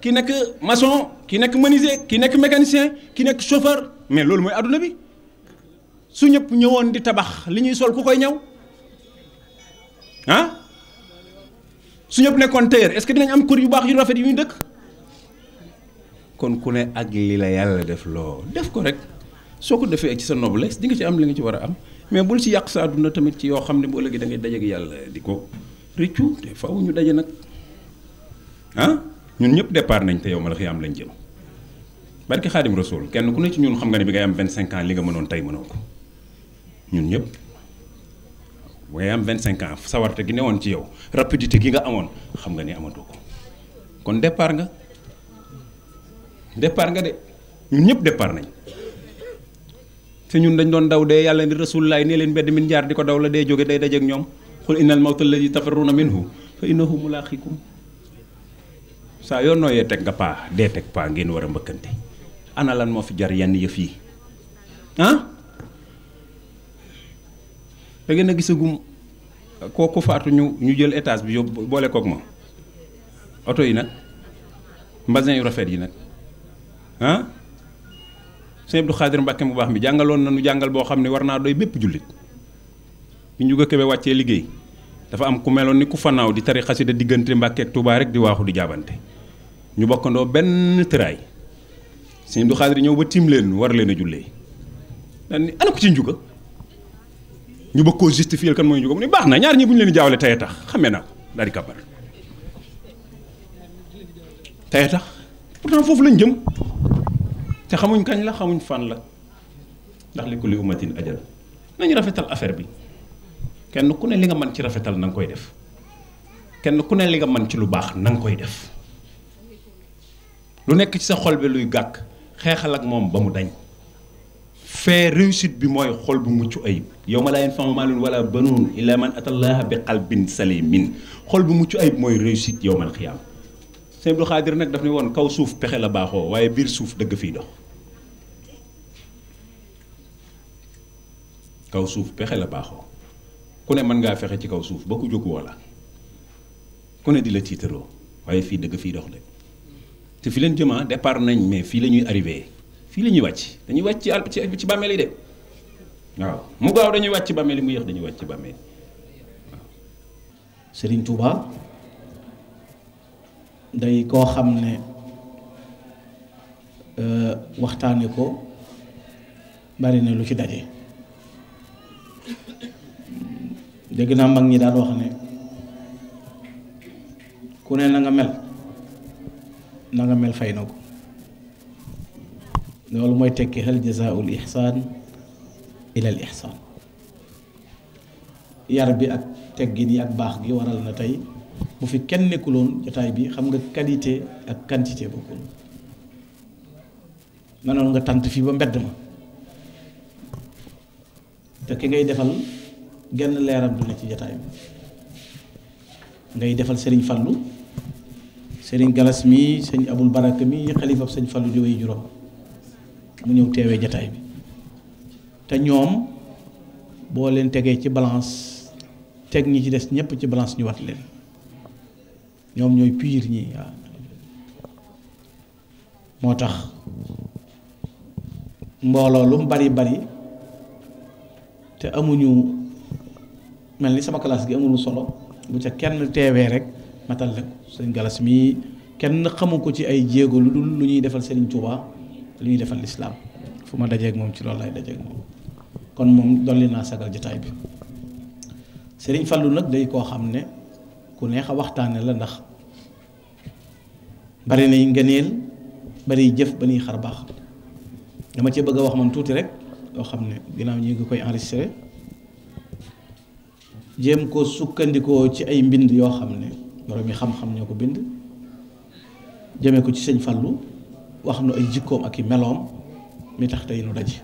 kii nekk maçon kii nekk menuisier kii nekk mécanicien kii nekk chauffeur mais loolu mooy adduna bi su ñëpp ñëwoon di tabax li ñuy sol ku koy ñaw ah su ñëpp nekkoon tailleur est-ce que dinañ am kër yu baax yu rafet yu ñuy dëkk kon ku ne ak li la yàlla def loo def ko rek soo ko defee ci sa noblesse di nga ci am li nga ci war a am mais bul ci yàq sa àdduna tamit ci yoo xam ne bu ëllëgee da ngay daje ak yàlla di ko rëccu te faw ñu daje nag ah ñun ñëpp départ nañ te yow ma la am lañ jëm barki xaadim rasul kenn ku ne ci ñun xam nga ne bi ngay am 25 li nga mënoon tey mënoo ko. ñun ñëpp waaye am 25 ans sawarte gi ne woon ci yow rapidité gi nga amoon xam nga ni amatoo ko kon départ nga départ nga de ñun ñëpp départ nañ te ñun dañ doon daw de yàlla ni rasulullaay nee leen mbedd min jaar di ko daw la dee jóge day dajeek ñoom xul innal mawta alladi tafarruuna minhu fa innahu mulaaqikum saa yoon nooyee teg nga paa dee teg paa ngeen war a mbëkkante ana lan moo fi jar yenn yëf yi da ngeen a gisagum kooku faatu ñu ñu jël étage bi yóbbu boole kook ma oto yi nag mbasin yu rafet yi nag ah sëñ Abdou Khadir Mbàkke bu baax mi jàngaloon na nu jàngal boo xam ne war naa doy bépp jullit ñu njuga kebe wàccee liggéey dafa am ku meloon ni ku fanaaw di tari xasida diggante Mbàkke ak Tuubaa di waaxu di jaabante ñu bokkandoo benn tëraay sëñ Abdou Khadir ñëw ba tiim leen war leen a jullee daan ni ana ko ci njuga ñu bëgg koo justifier kan mooy ñu ko mu ne baax na ñaar ñi bu ñu leen di jaawale tey tax xamee naa ko daal di kabar tey tax pourtant foofu lañ jëm te xamuñ kañ la xamuñ fan la ndax li ko li umatin ajal nañu rafetal affaire bi kenn ku ne li nga mën ci rafetal na nga koy def kenn ku ne li nga mën ci lu baax na nga koy def lu nekk ci sa xol bi luy gàkk xeexal ak moom ba mu dañ. fee réussite bi mooy xol bu mucc ayib yow ma laa yanfa'u maalun wala banuun illaa man atallaaha bi qalbin salimin xol bu mucc ayib mooy réussite yow mal xiyaam sëñ Abdou Xaadir nag daf ne woon kaw suuf pexe la baaxoo waaye biir suuf dëgg fi dox kaw suuf pexe la baaxoo ku ne mën ngaa fexe ci kaw suuf ba ku jóg woo la ku ne di la tiitaroo waaye fii dëgg fiy dox de te fi leen jëmaa départ nañ mais fii la ñuy arrivé fii la ñuy wàcc dañuy wàcc ci àll ci bàmmeel yi de waaw mu gaaw dañuy wàcc ci bàmmeel yi mu yéex dañuy wàcc ci bàmmeel yi waaw. Serigne day koo xam ne euh, waxtaane ko bari na lu ci daje dégg naa mag ñi daan wax ne ku ne na nga mel na nga mel fay na ko. loolu mooy tekki hal jazaa'ul ihsaan ilal ihsaan yar bi ak teggin yi ak baax gi waral na tey bu fi kenn nekkuloon jotaay bi xam nga qualité ak quantité bokkul manoon nga tànt fii ba mbedd ma te ki ngay defal genn leeram du ci jotaay bi ngay defal sëriñ fallu sëriñ galas mii sëñ abul baraka mi xalifab sëñ fallu di way juróom mu ñëw teewee jataay bi te ñoom boo leen tegee ci balance teg ñi ci des ñëpp ci balance ñu wat leen ñoom ñooy piir ñi waaw moo tax mbooloo lu mu bari bari te amuñu mel ni sama classe gi amuñu solo bu ca kenn teewee rek matal la ko sëñ galas mii kenn xamu ko ci ay jéego lu dul lu ñuy defal Sëriñ Tuubaa luy ñuy defal lislaam fu ma dajeeg moom ci loolu lay dajeeg moom kon moom dolli naa sagal jotaay bi Sëriñ Fallu nag day koo xam ne ku neex a waxtaane la ndax bari nay ngëneel bari jëf ba nuy xar baax dama ci bëgg a wax man tuuti rek yoo xam ne ginnaaw ñi ngi koy enregistré jéem ko sukkandikoo ci ay mbind yoo xam ne borom yi xam-xam ñoo ko bind jëmee ko ci sëñ Fallu wax nu ay jikkoom ak i meloom mi tax tey nu daje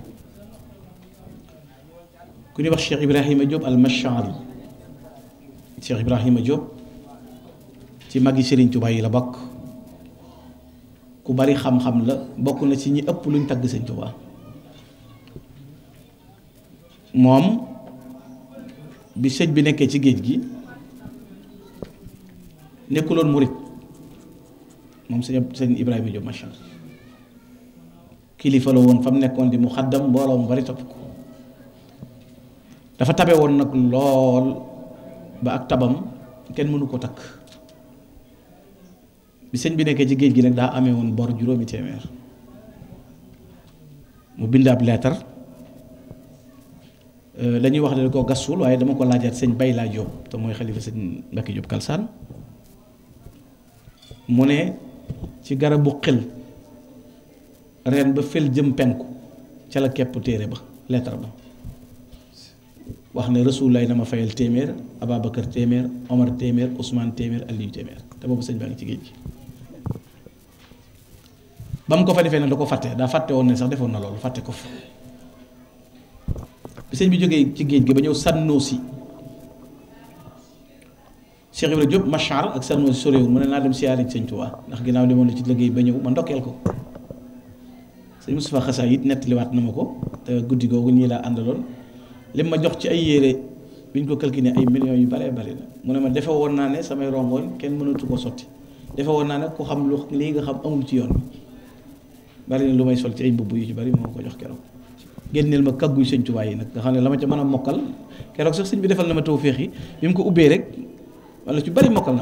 ku ñuy wax Cheikh Ibrahima Diop al-Mashari Cheikh Ibrahima Diop ci magi Serigne yi la bokk ku bari xam la bokk na ci ñi ëpp luñ tagg Serigne moom bi sëñ bi nekkee ci géej gi nekkuloon murit moom sëñ sëñ Ibrahima Diop Mashari kilifa la woon fa mu nekkoon di mu xaddam mbooloo mu bari topp ko dafa tabe woon nag lool ba ak tabam kenn mënu ko takk bi sëñ bi nekkee ci géej gi nag daa amee woon bor juróomi téeméer mu bind ab leetar euh, la ñuy wax ne ko gasul waaye dama ko laajaat sëñ bay laa jóob te mooy xalifa sëñ Mbàkke Jóob Kalsaan mu ne ci garabu xel reen ba fel jëm penku ca la kepp téere ba lettre ba wax ne rasulaay na ma fayal téeméer Ababacar téeméer Omar téeméer Ousmane téeméer Aliou téeméer te boobu sëñ baa ngi ci géej gi ba mu ko fa defee ne da ko fàtte daa fàtte woon ne sax defoon na loolu fàtte ko fa bi sëñ bi jógee ci géej gi ba ñëw sànnoosi Cheikh Ibrahima Diop Machar ak sànnoosi sorewul mu ne naa dem siyaare ci sëñ Tuubaa ndax ginnaaw li moom ci liggéey ba ñëw ma ndokkeel ko sëñ Moustapha Xasaay it nettaliwaat na ma ko guddi googu ñii laa àndaloon li ma jox ci ay yére biñ ko calculé ay millions yu bare bari la mu ne ma defe woon naa ne samay rongoñ kenn mënatu koo sotti defe woon naa ne ku xam lu lii nga xam amul ci yoon bari na lu may sol ci ay mbubb yu ci bari moo ko jox keroog génneel ma kagguy sëñ Tuubaa yi nag nga xam ne la ma ca mën a mokkal keroog sax sëñ bi defal na ma tawféex yi bi mu ko ubbee rek wala ci bari mokkal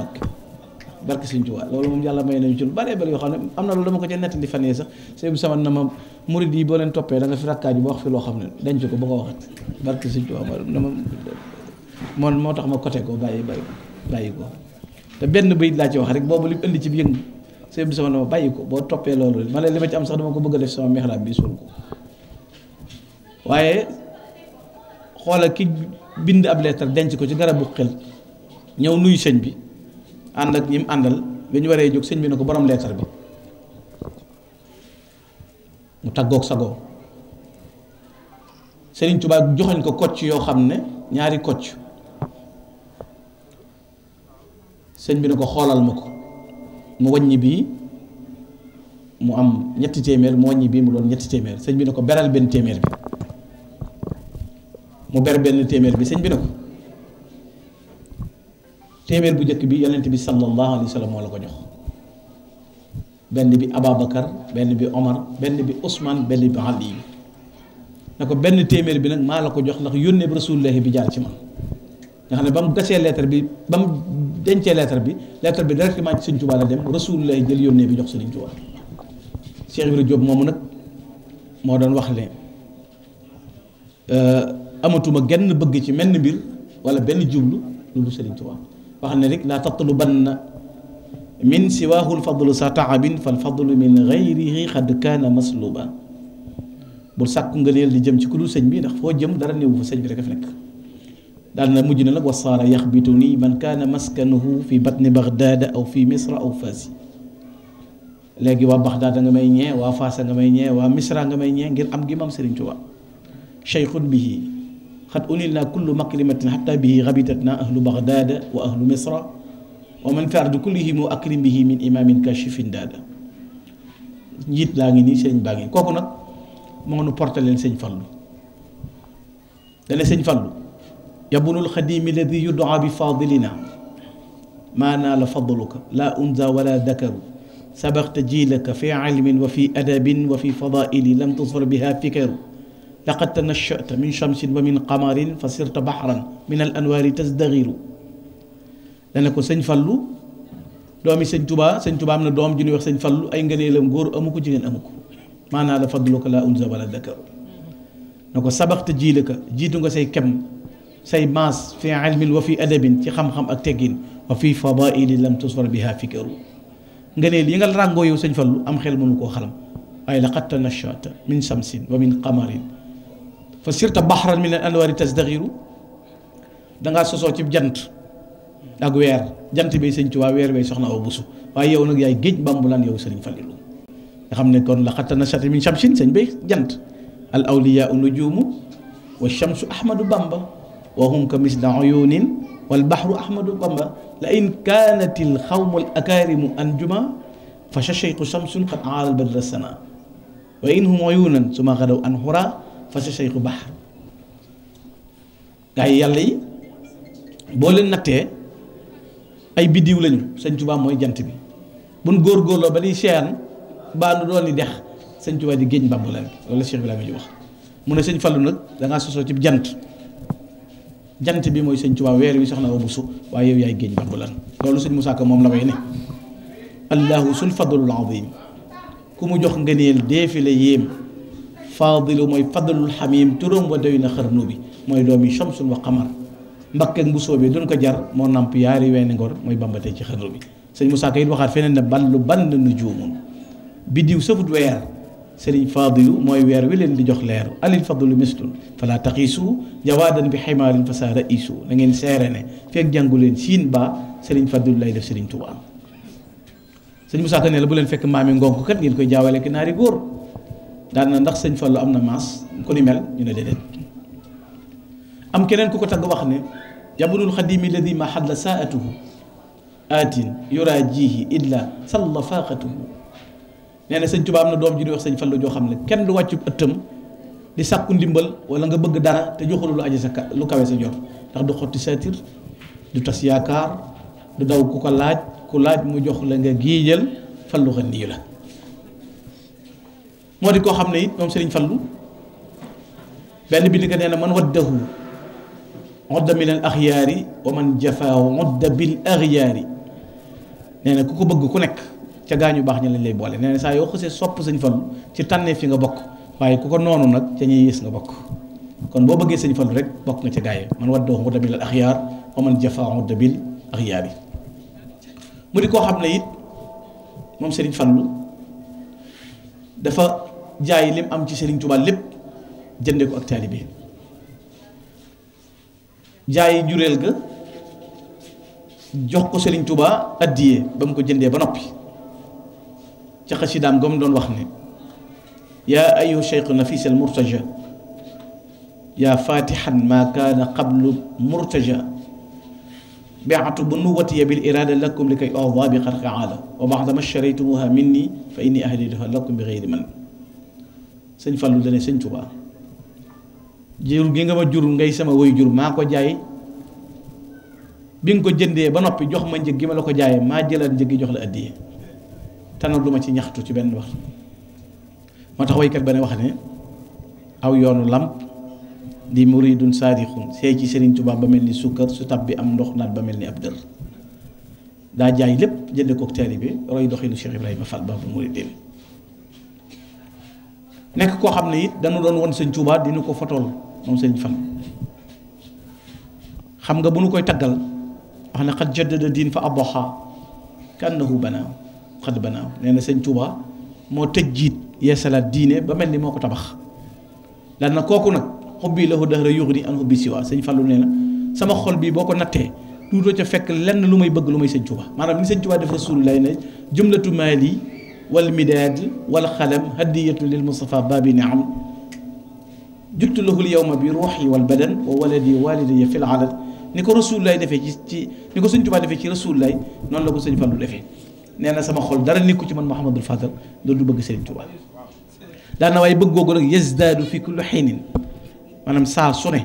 barke Sëñ Tuubaa loolu moom yàlla may nañu ci lu bare bare yoo xam ne am na loolu dama ko ca nettali fan yii sax sëñ sama na ma murid yi boo leen toppee da nga fi rakkaaju ba wax fi loo xam ne denc ko ba ko waxat barke Sëñ Tuubaa dama moo moo tax ma côté ko bàyyi bàyyi bàyyi ko te benn bayit laa ci wax rek boobu li indi ci bi yëngu sëñ na ma bàyyi ko boo toppee loolu ma ne li ma ci am sax dama ko bëgg a def sama mihraab bi suul ko waaye xoola ki bind ab lettre denc ko ci garabu xel ñëw nuyu sëñ bi ànd ak ñi mu àndal bi waree jóg sëñ bi ne ko borom leetar bi mu taggook sagoo Sëriñ Tuubaa joxoñ ko kocc yoo xam ne ñaari kocc sëñ bi ne ko xoolal ma ko mu wàññi bii mu am ñetti téeméer mu wàññi bii mu doon ñetti téeméer sëñ bi ne ko beral benn téeméer bi mu ber benn téeméer bi sëñ bi ne ko téeméer bu njëkk bi yonent bi sallallahu alayhi wa sallam moo la ko jox benn bi Ababacar benn bi Omar benn bi Ousmane benn bi Ali na ko benn téeméer bi nag maa la ko jox ndax yónnee bi rasulullahi bi jaar ci man nga xam ne ba mu gasee lettre bi ba dencee lettre bi lettre bi directement ci Sëñ Tuubaa a dem rasulullahi jël yónnee bi jox Sëñ Tuubaa Cheikh Ibrahima Diop moomu nag moo doon wax ne euh, amatuma genn bëgg ci menn mbir wala benn jublu lu bu Sëñ Tuubaa wax ne rek laa tatlubanna min siwaahu lfadlu sa taabin fal fadlu min gayrihi xad kaana sàkku ngëneel di jëm ci ku dul sëñ ndax foo jëm dara néewu fa sëñ daf nekk daal mujj na nag wasaara yaxbitu nii man kaana maskanuhu fi batni bagdaada aw fi misra aw faasi léegi nga may ñee waa Faas nga may ñee waa Misra nga may ñee ngir am gi maam Serigne Touba cheikhun bihi xat unilna kullu makrimatin xatta bihi rabitatna ahlu baghdada wa ahlu misra wa man fardu kullihimu akrim bihi min imamin kashifin daada njiit laa ngi nii sëñ baa ngi kooku nag moo nu porté leen sëñ fallu dana sëñ fallu yabunul xadimi ladi yudaa bi fadilina maanaa la fadluka laa unza wala dakaru sabaqta jiilaka fi ilmin wa fi adabin wa fi fadaili lam tusfar biha fikaru laqad tanashata min shamsin wa min qamarin fa sirta bahran min al anwaari dana ko sëñ fallu doomi sëñ tubaa sëñ tubaa am na doom ju ñuy wax sëñ fallu ay ngëneelam góor amu ko jigéen amu ko maanaa la fadluka laa unsa wala dakaru na ko sabaxta jiila jiitu nga say kem say maas fi ilmin wa fi ci xam-xam ak teggin wa fi fadaili lam tusfar biha fikaru ngëneel yi nga ràngoo yow sëñ fallu am xel mënu koo xalam waaye laqad tanashata min shamsin wa min qamarin fa sirta baxran min al anwaari tasdaxiru dangaa sosoo ci jant ak weer jant bay sëñ Tuubaa weer bay soxna aw busu waaye yow nag yaay géej bambulaan yow sëriñ Falilu nga xam ne kon la xattana shati min shamsin sëñ bay jant al awliyaa nujuumu wa shamsu ahmadu bamba wa hum ka misla uyunin wal baxru ahmadu bamba la in kaanat al xawmu al akaarimu anjuma fa shashayqu shamsun qad aala al badra sana wa in hum uyunan suma gadaw an xuraa fa sa seyxu baax gaa yi yàlla yi boo leen nattee ay biddiw lañu sëñ Tuubaa mooy jant bi buñ góorgóorloo ba di seen baa nu doon di dex sëñ Tuubaa di géej mbàmbu leen loolu la mu ne sëñ Fallu nag sosoo ci jant jant bi mooy sëñ Tuubaa weer wi soxna wa busu waaye yow yaay géej mbàmbu leen loolu sëñ Musaa moom la way ne allahu sul fadlul azim ku mu jox ngëneel déefi la yéem faadilu mooy fadlul xamim turam wa doy na xarnu bi mooy doom yi shamsun ko jar moo namp yaari weeni mooy bambatee ci xarnu bi sëñ Moussa Ka it waxaat feneen ne ballu ban nu juumun biddiw safut weer sëriñ faadilu mooy weer di jox leeru alil fadlu mislun fala taxiisu ngeen seere ne leen siin ba sëriñ fadlu lay def sëriñ Tuubaa sëñ Moussa Ka bu leen fekk maami ngonk kat ngeen koy jaawale ki góor daal na ndax sëñ Fallou am na maas ku ni mel ñu ne déedéet am keneen ku ko tagg wax ne jabulul xadimi ladi ma xadla saatuhu aatin yuraajihi illa salla faaqatuhu nee na sëñ Tuubaa am na doom ji di wax sëñ Fallou joo xam ne kenn du wàccu ëttam di sàkku ndimbal wala nga bëgg dara te joxul lu aji sa lu kawe sa jot ndax du xotti saatir du tas yaakaar du daw ku ko laaj ku laaj mu jox la nga giijal Fallou xandiyu la moo di koo xam ne it moom Serigne Fallou benn bi ko nee na man waddahu odda min al axyaari wa man jafaahu odda yi axyaari na ku ko bëgg ku nekk ca gaañu baax ña lañ lay boole nee na saa yoo xasee sopp ci tànnee fi nga bokk waaye ku ko noonu nag ca ñuy yées nga bokk kon boo bëggee Sëñ Fallu rek bokk nga ca gaaye man waddahu odda bil axyaar man jafaahu mu di koo xam ne it moom Serigne Fallou dafa jaay lim am ci Serigne Touba lépp jënde ko ak taalibe jaay jureel ga jox ko Serigne Touba addiyee ba mu ko jëndee ba noppi ca xasidaam ga mu doon wax ne yaa na fii nafisal murtaja yaa fatihan maa kaana qablu murtaja biatu bu nuwatiya bil irada lakum li kay owa bi xarqaala wa baxdama charaytumuha minni fa inni ahdituha lakum bi xeyri man sëñ Fallou dane sëñ Touba jur gi nga ma jur ngay sama woy jur maa ko jaay bi nga ko jëndee ba noppi jox ma njëg gi ma la ko jaayee maa jëlaat njëg jox la addiye tana du ma ci ñaxtu ci benn wax moo tax waykat ba ne wax ne aw yoonu làmp di muridun saadixun seey ci Serigne Touba ba mel ni sukkar su tab bi am ndox naat ba mel ni ab dër daa jaay lépp jënd kook bi roy doxinu Cheikh Ibrahima Fall Babu Mouridine nekk koo xam ne it dañu doon won sëñ Tuubaa dinu ko fotool moom sëñ Fallu xam nga bu nu koy taggal wax ne xat jaddada diin fa aboxa kannahu banaaw xat banaaw nee na sëñ Tuubaa moo tëj jiit yeesalaat diine ba mel ni moo ko tabax daan na kooku nag xubbi lahu dahra yuxni an xubbi siwaa sëñ Fallu nee na sama xol bii boo ko nattee tuutoo ca fekk lenn lu may bëgg lu may sëñ Tuubaa maanaam ni sëñ Tuubaa def Rasulullaay ne jumlatu maali wal midaadi wal xalam hadiyatu lil Mustafa baabi niam juttu lahul yowma bi ruuxi wal badan wa waladi walidaya fil alal ni ko rasulullaay defee ci ci ni ko sëñ Tuubaa defee ci rasulullaay noonu la ko sëñ Fallu defee nee na sama xol dara ku ci man Mouhamadul Fadal loolu du bëgg sëñ Tuubaa daan na waaye bëgg googu nag yazdaadu fi kulli xiinin maanaam saa su ne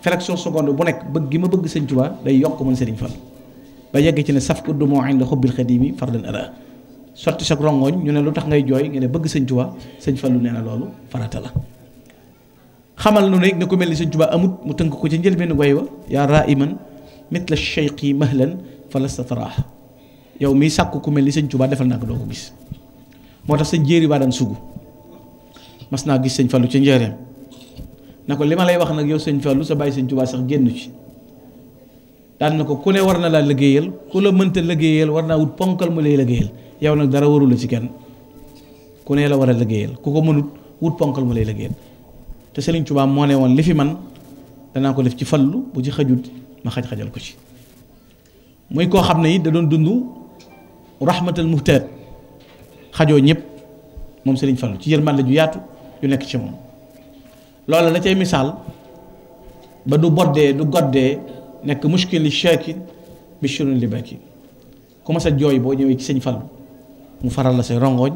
fraction bu nekk bëgg gi ma bëgg sëñ Tuubaa day yokk man sëriñ Fallu ba yegg ci ne saf ko du moo ànd xubbil xadiimi fardan ara sotti sa rongoñ ñu ne lu tax ngay jooy nga ne bëgg sañ Tuubaa sëñ falu nee na loolu farata la xamal nu rek ne ko mel ni sëñ Tuubaa amut mu tënk ko ci njëlbéenu goy wa yaa raiman mitla cheyqi mahlan falasta taraax yow miy sàkku ku mel ni sëñ Tuubaa defal naa ko doo ko gis moo tax sëñ jéeri baa daan sugu mas naa gis sëñ falu ci njëreem na ko li ma lay wax nag yow sëñ Fallu sa bàyyi sëñ Tuubaa sax génn ci daan na ko ku ne war na laa liggéeyal ku la mënta war naa wut ponkal mu lay liggéeyal yow nag dara warul ci kenn ku ne la war a liggéeyal ku ko mënut wut ponkal ma lay liggéeyal te Serigne Touba moo ne woon li fi man danaa ko def ci fallu bu ci xajut ma xaj-xajal ko ci muy koo xam ne it da doon dund rahmatal muhtaat xajoo ñëpp moom Serigne Fallou ci yërmande ju yaatu ju nekk ci moom loola la cay misaal ba du boddee du goddee nekk mushkil li shaakin bi shirun li baakin ku ma sa jooy boo ñëwee ci sëñ Fallou mu faral la say rongoñ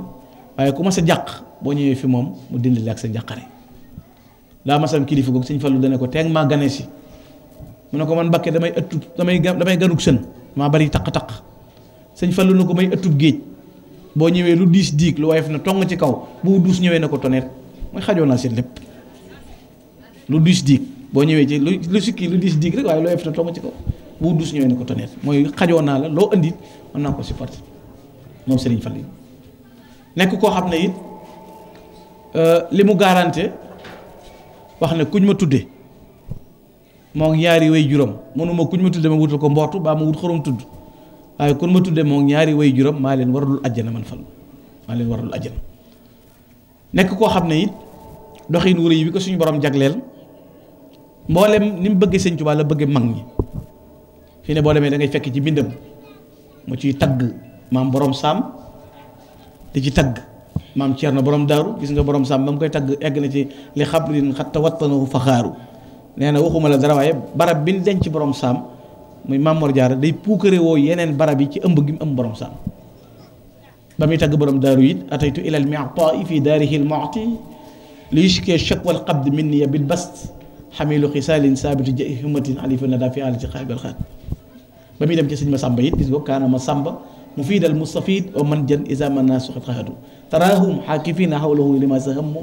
waaye ku ma sa jàq boo ñëwee fi moom mu dindi la ak sa jàqare daa ma kilifa googu sëñ Fallu dana ko teeg maa gane si mu ne ko man Mbàkke damay ëttu damay damay ganug sën maa bari taq-taq sëñ Fallu na ko may ëttub géej boo ñëwee lu diis diig lu wayef na tong ci kaw bu duus ñëwee na ko xajoo naa seen lépp lu diis boo ñëwee ci lu lu sikki lu diis diig waaye lu wayef tong ci kaw bu duus ñëwee na ko toneet mooy xajoo naa la loo indi mën naa ko supporter moom Serigne Fallou nekk koo xam ne it euh, li mu gaarante wax ne kuñ ma tudde moo ngi ñaari way juróom mënuma kuñ ma tudde ma wutal ko mbootu baa ma wut xorom tudd waaye kun ma tudde moo ngi ñaari way juróom maa leen waralul ajjana man Fallou maa leen waralul ajjana nekk koo xam ne it doxin wu rëy bi ko suñu borom jagleel mboolem ni mu bëggee Sëñ Tuubaa la bëggee mag ñi fi ne boo demee da ngay fekk ci mbindam mu ciy tagg maam borom saam di ci tagg maam na borom daaru gis nga borom saam ba mu koy tagg egg na ci li xablin xatta wattanu faxaaru nee na waxuma la dara waaye barab bi ñu denc borom saam muy maam Mor Diarra day puukare woo yeneen barab yi ci ëmb gi mu ëmb borom saam ba muy tagg borom daaru it ataytu ilal mi'ta'i fi daarihi al mu'ti li yushki shakwa al qabd minni bil bast xamilu xisaalin saabitu jëy humatin alifa nada fi ba muy dem ci sëñ ma sàmba it gis nga kaana ma sàmba man المستفيد ومن جن إذا ما الناس قد خهدوا تراهم حاكفين حوله لما سهموا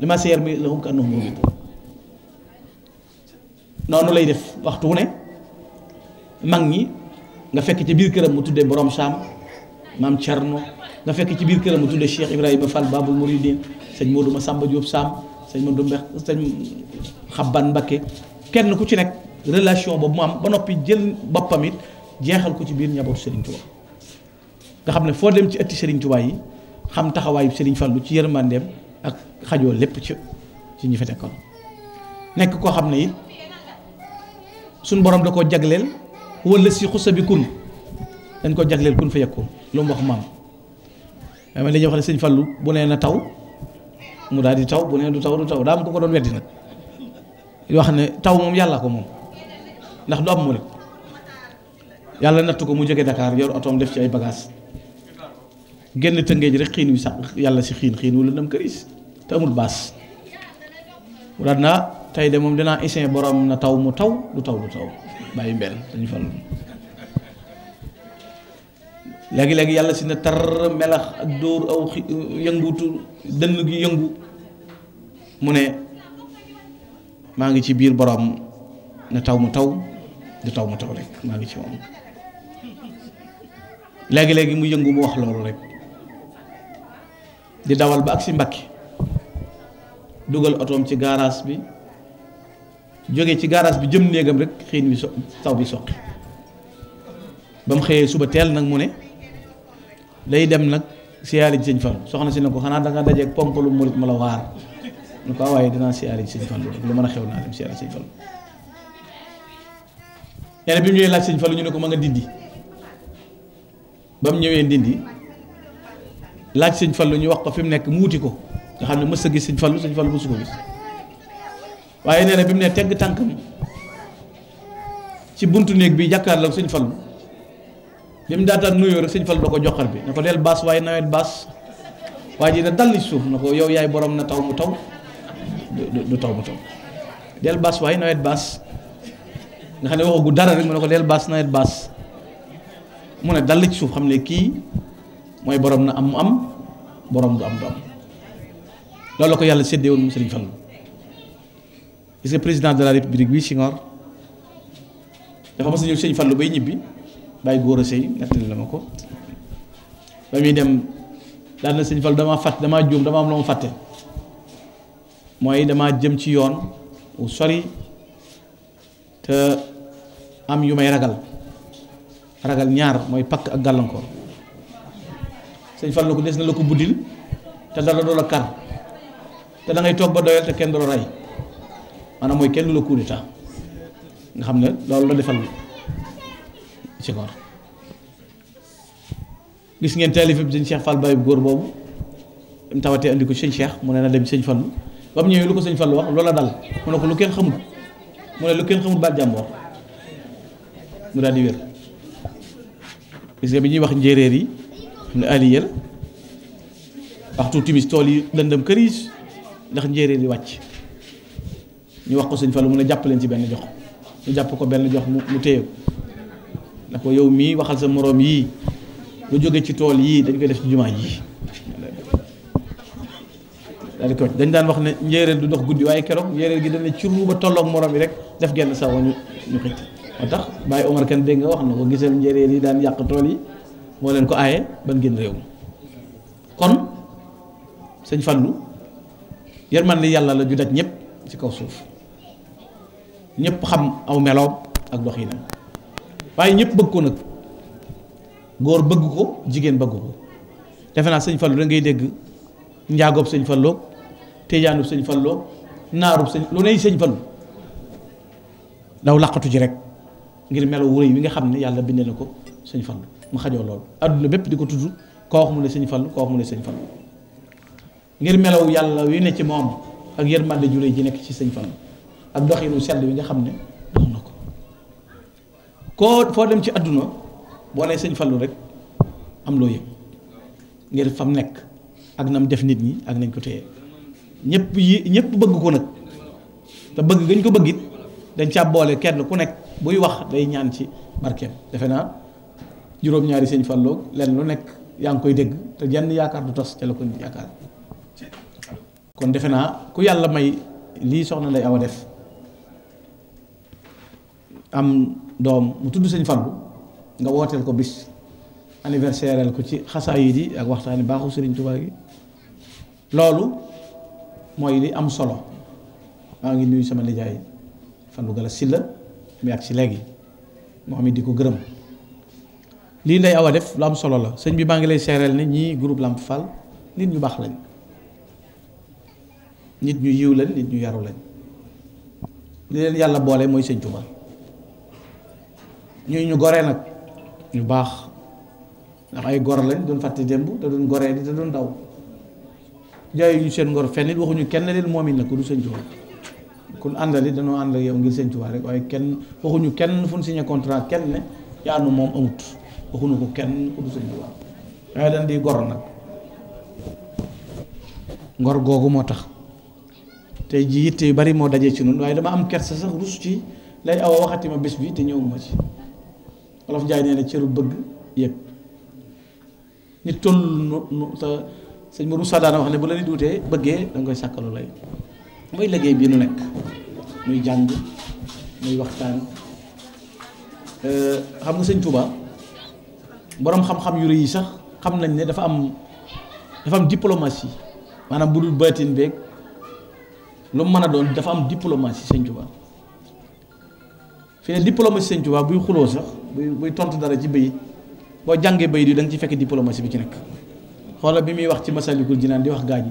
لما سيرمي لهم كأنهم يوبيتون noonu lay def waxtu ne mag ñi nga fekk ci biir këram mu tuddee borom saam maam Cerno nga fekk ci biir këram mu tuddee Cheikh Ibrahima Fall Babul Mouridine sëñ Modou Massamba Diop Sam sëñ Modou Mbex sëñ Xabban Mbakke kenn ku ci nekk relation boobu mu am ba noppi jël boppam it jeexal ko ci biir njabootu Serigne Touba nga xam ne foo dem ci ëtti Serigne Touba yi xam taxawaayu Serigne Fallou ci yërmandeem ak xajoo lépp ci ci ñi fi nekkoon nekk koo xam ne it suñ borom da koo jagleel wala si xusa bi kun dañ ko jagleel kun fa yekkoon lu mu wax maam dama dañuy wax ne Serigne Fallou bu nee na taw mu daal di taw bu nee du taw du taw daa am ko ko doon weddi nag wax ne taw moom yàlla ko moom ndax du am murit yàlla nattu ko mu jóge Dakar yor otoom def ci ay bagages génn tëngeej rek xiin wi sax yàlla si xiin xiin wala nam këris te amul baas walaat naa tey de moom dinaa isin boroom na taw mu taw du taw du taw bàyyi dañu fal léegi-léegi yàlla si ne tar ak dóor aw yëngutu dënn gi yëngu mu ne maa ngi ci biir borom na taw mu taw du taw mu taw rek maa ngi ci moom léegi-léegi mu yëngu mu wax loolu rek di dawal ba ak si Mbàkke dugal otoom ci gaaraas bi jóge ci gaaraas bi jëm néegam rek xiin bi so taw xëyee suba teel nag mu ne day dem nag siyaari ji sëñ soxna si ne ko xanaa danga dajeeg ponk lu murit ma la waar nu ko ah, waaye dinaa siyaari ji sëñ Fallu lu mën a xew naa dem siyaari ji sëñ Fallu nee bi mu ñëwee laaj sëñ Fallu ñu ne ko ma nga dindi ba mu ñëwee dindi laaj sëñ fallu ñu wax ko fi mu nekk mu wuti ko nga xam ne mës a gis sëñ fallu sëñ fallu mësu ko gis waaye nee na bi mu ne tegg tànkam ci buntu néeg bi jàkkaarloo sëñ fallu bi mu daataan nuyoo rek sëñ fallu da ko joxar bi na ko del baas waaye nawet baas waa ji da dal ci suuf ko yow yaay borom na taw mu taw du taw mu taw del baas waaye nawet baas nga xam ne waxagu dara rek mu ko del baas nawet baas mu ne dal ci suuf xam ne kii mooy boroom na am mu am borom du am du am loolu la ko yàlla séddee woon moom Serigne gis nga président de la république bi Senghor dafa mas a ñëw Serigne Fallou bay ñibbi bàyyi góor a sëy nettali la ma ko ba muy dem daal na Serigne Fallou damaa fàtte damaa juum damaa am lu ma fàtte mooy damaa jëm ci yoon bu sori te am yu may ragal ragal ñaar mooy pakk ak gàllankoor. sëñ Fallu ko des na la ko buddil te dala doo la kar te da ngay toog ba doyal te kenn du la rey maanaam mooy kenn du la coup nga xam ne loolu la defal ci koor gis ngeen taalif bi sëñ Cheikh Fall Baye bu góor boobu mu tawatee andi ko sëñ Cheikh mu ne na dem sëñ Fallu ba mu ñëwee lu ko sëñ Fallu wax loola dal mu ne ko lu kenn xamul mu ne lu kenn xamul baat jàmboor mu daal di wér gis nga bi ñuy wax njéeréer yi nu aliye la waxtu tool yi lëndëm këriis ndax njéeréer yi wàcc ñu wax ko sëñ Fallou mu ne jàpp leen ci benn jox ñu jàpp ko benn jox mu téye ko na ko yow mii waxal sa moroom yii lu jóge ci tool yii dañ koy def ci jumaa ji dañ daan wax ne njéeréer du dox guddi waaye keroog njéeréer gi dana ci ruuba tolloog moroom yi rek def genn saw ñu ñu xëcc moo tax Baye Omar Kane de nga wax na ko gisal njéeréer yi daan yàq tool yi moo leen ko aaye ban génn réew kon sëñ Fallu yërmande yàlla la ju daj ñëpp ci kaw suuf ñëpp xam aw meloom ak doxinam waaye ñëpp bëgg ko nag góor bëgg ko jigéen bëgg ko defe naa sëñ Fallu da ngay dégg njaagob sëñ Falloo téejaanub sëñ Falloo naarub sëñ lu ney sëñ Fallu daw laqatu ji rek ngir melo wu rëy wi nga xam ne yàlla bindee na ko sëñ Fallu mu xajoo loolu àdduna bépp di ko tudd koo wax mu ne sëñ Fallu koo wax mu ne sëñ Fallu ngir melaw yàlla wi ne ci moom ak yërmande jure ji nekk ci sëñ Fallu ak doxinu sedd wi nga xam ne dox na ko koo foo dem ci àdduna boo nee sëñ Fallu rek am loo yëg ngir fam nekk ak nam def nit ñi ak nañ ko téye ñëpp yi bëgg ko nag te bëgg gañ ko bëggit dañ caa boole kenn ku nekk buy wax day ñaan ci barkeem defe naa juróom-ñaari sëñ Falloog lenn lu nekk yaa ngi koy dégg te jenn yaakaar du tas ca la ko nit yaakaar kon defe naa ku yàlla may lii soxna lay Awa def am doom mu tudd sëñ Fallu nga wooteel ko bis anniversaire ko ci xasaayid yi ak waxtaani baaxul sëriñ Tuubaa gi loolu mooy li am solo maa ngi nuyu sama nijaay Fallu Gala Silla mi ak si léegi moo xam it di ko gërëm lii nday awa def lu am solo la sëñ bi baa ngi lay seereel nit ñii groupe Lamp Fall nit ñu baax lañ nit ñu yiw lañ nit ñu yaru lañ li leen yàlla boole mooy sëñ Tuubaa ñuy ñu goree nag ñu baax ndax ay gor lañ doon fàtte démb te doon goree di te doon daw jaay ñu seen ngor fenn it waxuñu kenn leen moom it nag ku du sëñ Tuubaa kon àndali danoo ànd ak yow ngir sëñ Tuubaa rek waaye kenn waxuñu kenn fu ñu signé contrat kenn ne yaa nu moom amut waxuñu ko kenn ku du sëñ Tuubaa waaye dañ di gor nag ngor googu moo tax tey jii yitte yu bari moo dajee ci noonu waaye dama am sa sax rus ci lay aw waxati ma bés bi te ñëwuma ci Wolof Njaay nee na cëru bëgg yëpp ni toll nu nu te sëñ Mourou Moussa daana wax ne bu la nit wutee bëggee da koy sàkkalu lay mooy liggéey bi nu nekk muy jàng muy waxtaan xam nga sëñ Touba. boroom xam-xam yu rëy yi sax xam nañ ne dafa am dafa am diplomatie maanaam bu dul baatin beeg lu mën a doon dafa am diplomatie Sëñ Tuubaa fi ne diplomatie Sëñ Tuubaa buy xuloo sax buy tontu dara ci bayit boo jàngee bayit yi da ci fekk diplomatie bi ci nekk xoola bi muy wax ci Masaalikul Jinaan di wax gaa ñi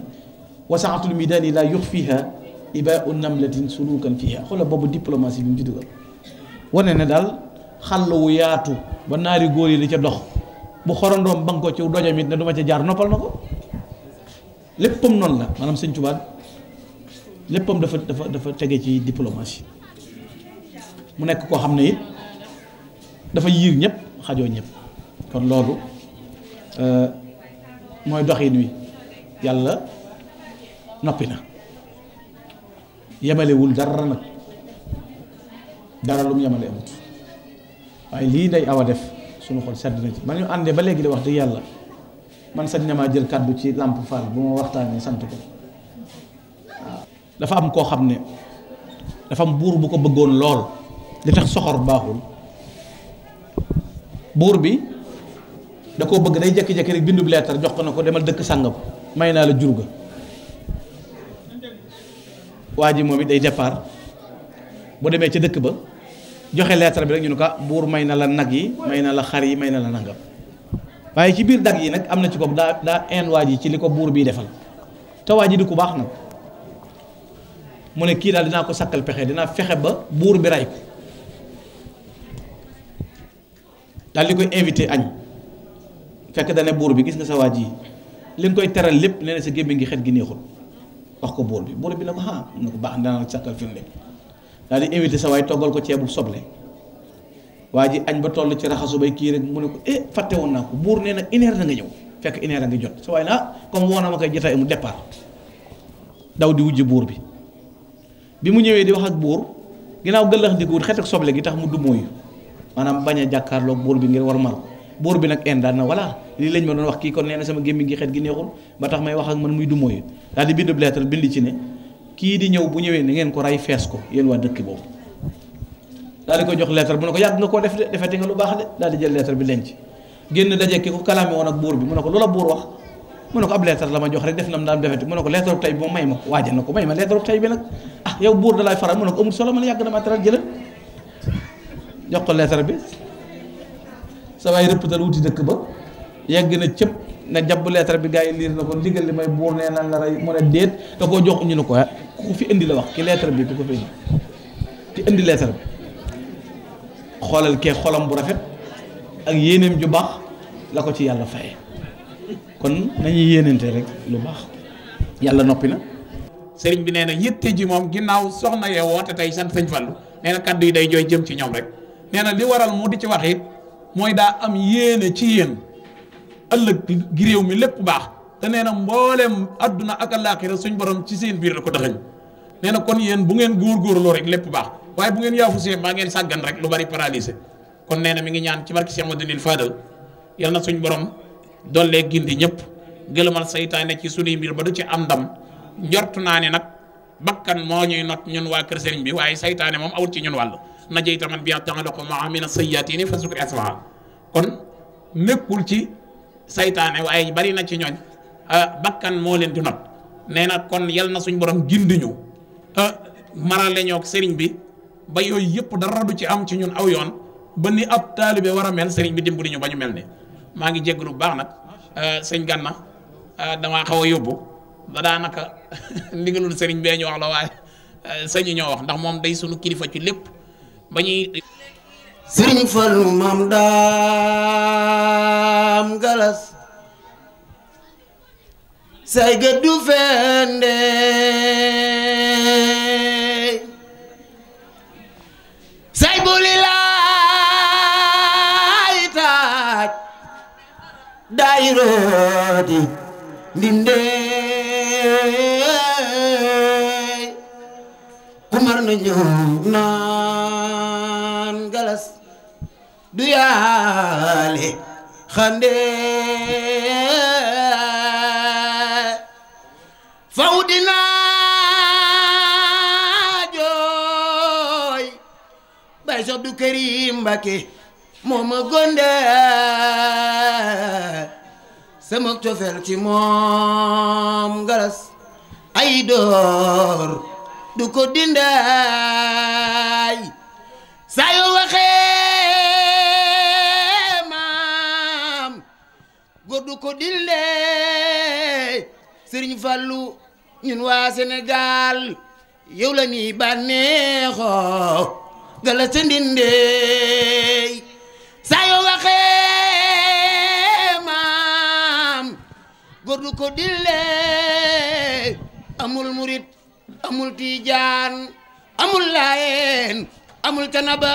wasaatul midaani laa yux fiiha ibaa u namlatin sulukan fiiha xoolal boobu diplomatie bi mu ci dugal wane ne daal xàll wu yaatu ba naari góor yi di ca dox bu xorondoom bang ko ci dojam it ne du ma ci jaar noppal na ko léppam noonu la maanaam sëñ Tuubaa léppam dafa dafa dafa tege ci diplomatie mu nekk koo xam ne it dafa yiir ñëpp xajoo ñëpp kon loolu euh, mooy doxin wi yàlla noppi na yemalewul dara nag dara lu yemale amut waaye lii day awa def suñu xol sedd na ci man ñu àndee ba léegi de wax dëgg yàlla man sañ na maa jël kàddu ci làmp faal bu ma waxtaanee sant ko dafa am koo xam ne dafa am buur bu ko bëggoon lool li tax soxor baaxul buur bi da koo bëgg day jékki-jékki rek bindu leetar jox ko na ko demal dëkk sàngam may naa la jur ga waa ji moom it day départ bu demee ca dëkk ba joxe lettre bi rek ñu ne ko ah, buur may na la nag yi may na la xar yi may na la nangam waaye ci biir dag yi nag am na ci ko daa daa ind waa ji ci li ko buur bii defal te waa ji di ku baax nag mu ne kii daal dinaa ko sakkal pexe dinaa fexe ba buur bi ray ko daal di koy invité añ fekk dane buur bi gis nga sa waa ji li nga koy teral lépp nee si sa ngi xet gi neexul wax ko buur bi buur bi na ko ah mu ne ko baax danaa la sakkal firnde daal di invité sa toggal ko ceebu soble waa ji añ ba toll ci raxasu bay kii rek mu ne ko eh fàtte woon naa ko buur nee nag une heure na nga ñëw fekk une heure a ngi jot sa na ah comme woo na ma koy jotaay mu départ daw di wujj buur bi bi mu ñëwee di wax ak buur ginnaaw gëllax ndikuwut xet ak soble gi tax mu dumóoyu maanaam bañ a jàkkaarloog buur bi ngir war mal buur bi nag en daan na lii lañ ma doon wax kii kon nee sama gémmiñ gi xet gi neexul ba tax may wax ak man muy dumóoyu daal di bind lettre bind ci ne kii di ñëw bu ñëwee ni ngeen ko rey fees ko yéen waa dëkk boobu daal di ko jox lettre bu ne ko yàgg nga koo def de defati nga lu baax de daal di jël lettre bi denc génn daje ki ko kalaame woon ak buur bi mu ne ko loola buur wax mu ne ko ab lettre ma jox rek def na mu daan defati mu ne ko lettre bu tey bi moom may ma ko waaje na ko ma lettre bu tey bi nag ah yow buur da faral mu ne ko amul solo man yàgg na ma teral jëlal jox ko lettre bi sa waay rëppatal wuti dëkk ba yegg na cëpp na jàpp lettre bi gars yi liir na ko ndigal li may buur nee na la rey mu ne déet da koo jox ñu ne ko ah, ku fi indi la wax ki lettre bi ku ko fi indi xoolal kee xolam bu rafet ak yéeneem ju baax la ko ci yàlla faye kon nañuy yéenante rek lu baax yàlla noppi na sëriñ bi nee na yitte ji moom ginnaaw soxna yee woote tey sant sëñ Fallu nee na kaddu yi day jooy jëm ci ñoom rek nee na li waral mu di ci wax it mooy daa am yéene ci yéen ëllëg gi réew mi lépp baax te nee na mbooleem adduna ak àllaaxira suñ borom ci seen biir la ko taxañ nee na kon yéen bu ngeen góorgóorloo rek lépp baax waaye bu ngeen yaafusee maa ngeen sàggan rek lu bari paralysé kon nee na mi ngi ñaan ci barki Cheikh Madinil Fadal yal na suñ borom dollee gindi ñëpp gëlëmal saytaane ci sunuy biir ba du ci am ndam njortu naa ne nag bakkan moo ñuy not ñun waa kër sëriñ bi waaye saytaane moom awut ci ñun wàll na jëy taman bi yàlla taxaloo ko ma amina sayyaatini fa sukri asmaa kon nekkul saytaane waaye bari na ci ñooñ ah, bakkan moo leen di not nee na kon yal na suñ borom gindiñu ah, marale ñoog sëriñ bi ba yooyu yëpp dara du ci am ci ñun aw yoon ba ni ab taalibe war a mel sëriñ bi dimbali ñu ba ñu mel ni maa ngi jégg lu baax nag ah, sëñ Ganna damaa xaw a yóbbu ba daanaka ndigalul sëriñ bee ñu wax la waaye sëñu wax ndax moom day sunu kilifa ci lépp ba ñuy sëriñ Fallu maam daam galas say gëddu fende say buli laay taaj day roodi ndinde kumar na ñëw naa du yaale xande faw dinaa jooy bay sob du kërim Mbàkke moom a gonde sama cofeel ci moom galas ay door du ko dindaay saa yoo du ko dindee sëriñ Fallou ñun waa Sénégal yow la ñuy bànneexoo gala sa ndindee saa yoo waxee maam góor du ko dindee amul murit amul tiijaan amul laayeen amul kanaba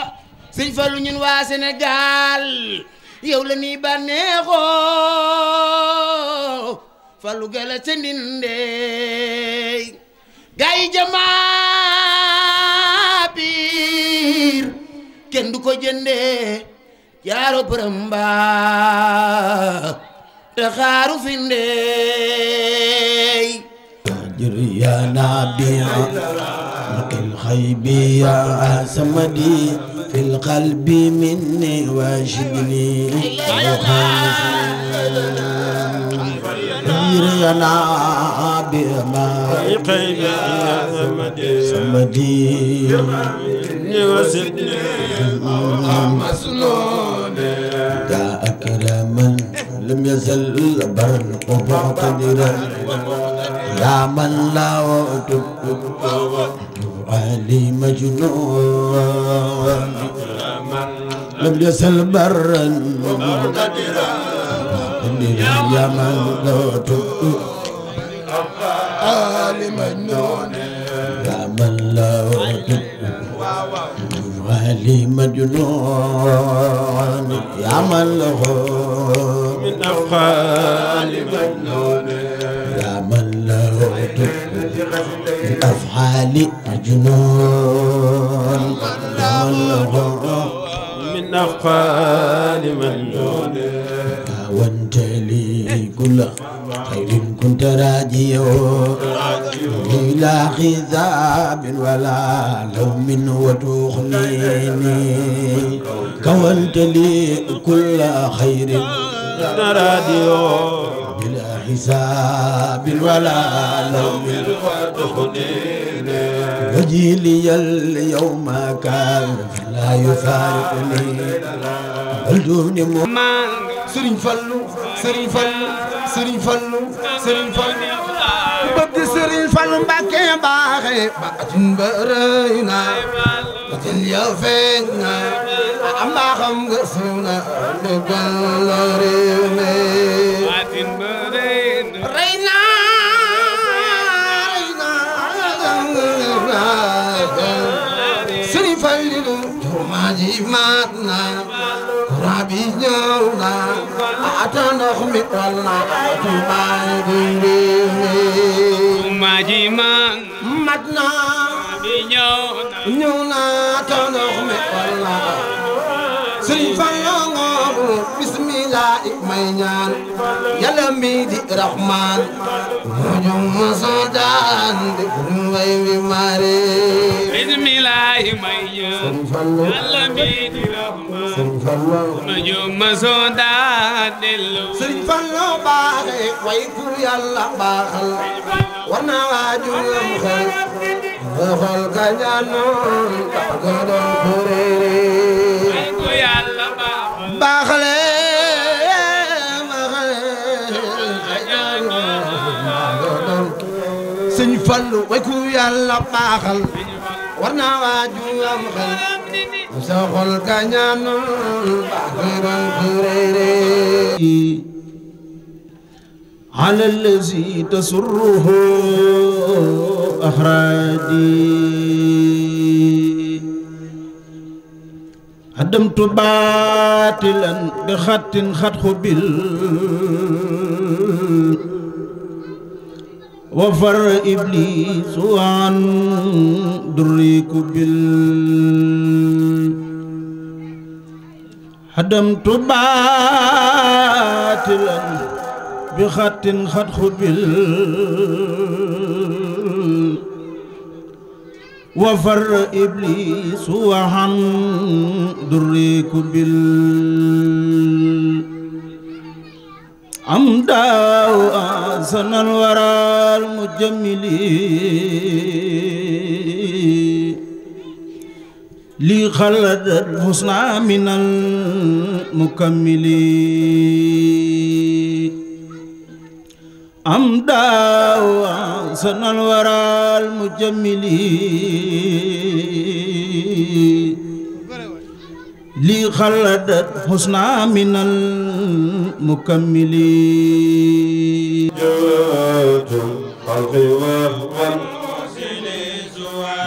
sëriñ Fallou ñun waa Sénégal yow la nii bànneexoo gala ca ndindeey gaa jamaa biir kenn du ko jëndee jaaro përëm mbaa te حيبي يا سمدي في القلب مني واجدني غيرنا بما سمدي وسدني مسنون يا أكرم لم يزل برق قدرا يا من لا تبقى علي مجنون لم يسل برا ومقتدرا يا من دوت علي مجنون يا من لا علي مجنون يا من له من أفعال مجنون أفعالي مجنون من أقوال مجنون كونت لي كل خير كنت راجيا لا خذاب ولا لوم وتخليني كونت لي كل خير كنت راجيا حساب ولا لوم وتخدير وجيلي اليوم كان لا يفارقني بل دون ما سرين فلو سرين فلو سرين فلو سرين فلو bëgg Serigne Fallou Mbacké baaxe ba atin ba rëy na yow feeñ na am naa xam nga siiw na dëggal la réew mi rey naa rey naa Sëriñ Fallilu jumaa ji maat na courant bi ñëw na ata ndox mi wal na jumaa ji maat na ñëw na tanox mi walla sëriñ Fallu ngooru may ñaan yàlla mi di rahmaan moo ñu mësoo daan di gun way wi mare bismillah may ñaan yàlla mi di rahmaan moo ñu mësoo daan di lu sëriñ Fallu baaxe way ku yàlla baaxal war na waaju am xel waxal ka ñaanoon tax nga doon xureere baax leen waxal sëñ Fallu way ku yàlla baaxal war naa waaju am xel sa xol ka ñaanoon tax nga doon xureere على الذي تسره أحرادي هدمت باطلا بخط خط خبل وفر إبليس عن دري كبل هدمت باطلا بخط قد خبل وفر إبليس وعن دري كبل عمدا وأحسن الورى المجمل لي خلد الحسنى من المكمل أمدا وأحسن الورى المجمل لي خلدت حسنا من المكمل جوات الخلق وهو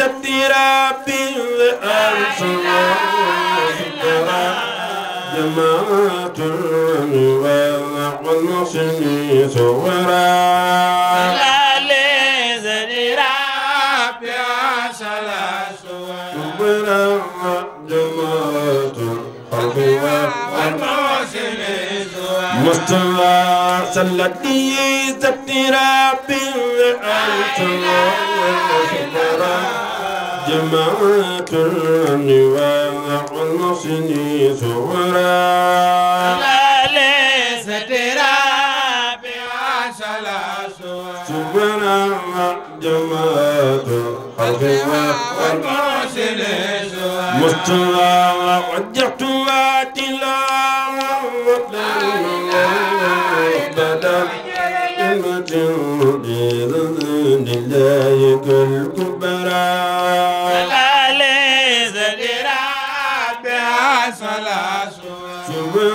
تبدي ربي وأنشر ذكرى جماعة الوضع والنصر صورا مصطفى سلتي تبتي ربي أنت الله جماعة الأنواع والمحسن صغرا ليس ترابي عشل صغرا جماعة الخلق والمحسن صغرا مستوى وجهت واتلا بدل كلمة لله كالكبرى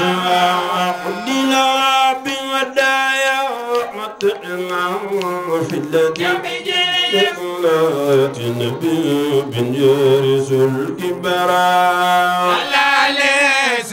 عبدنا بودايا ومتعنا في الذي نبي بن يرز الكبرى على ليس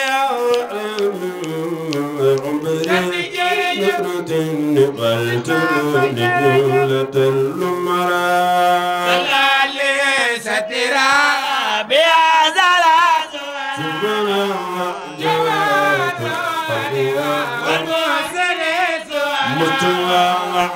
ملت لجولة الأمراء صلى سترا بهذا الأزواج سبحان الله والمحسن سوى متوى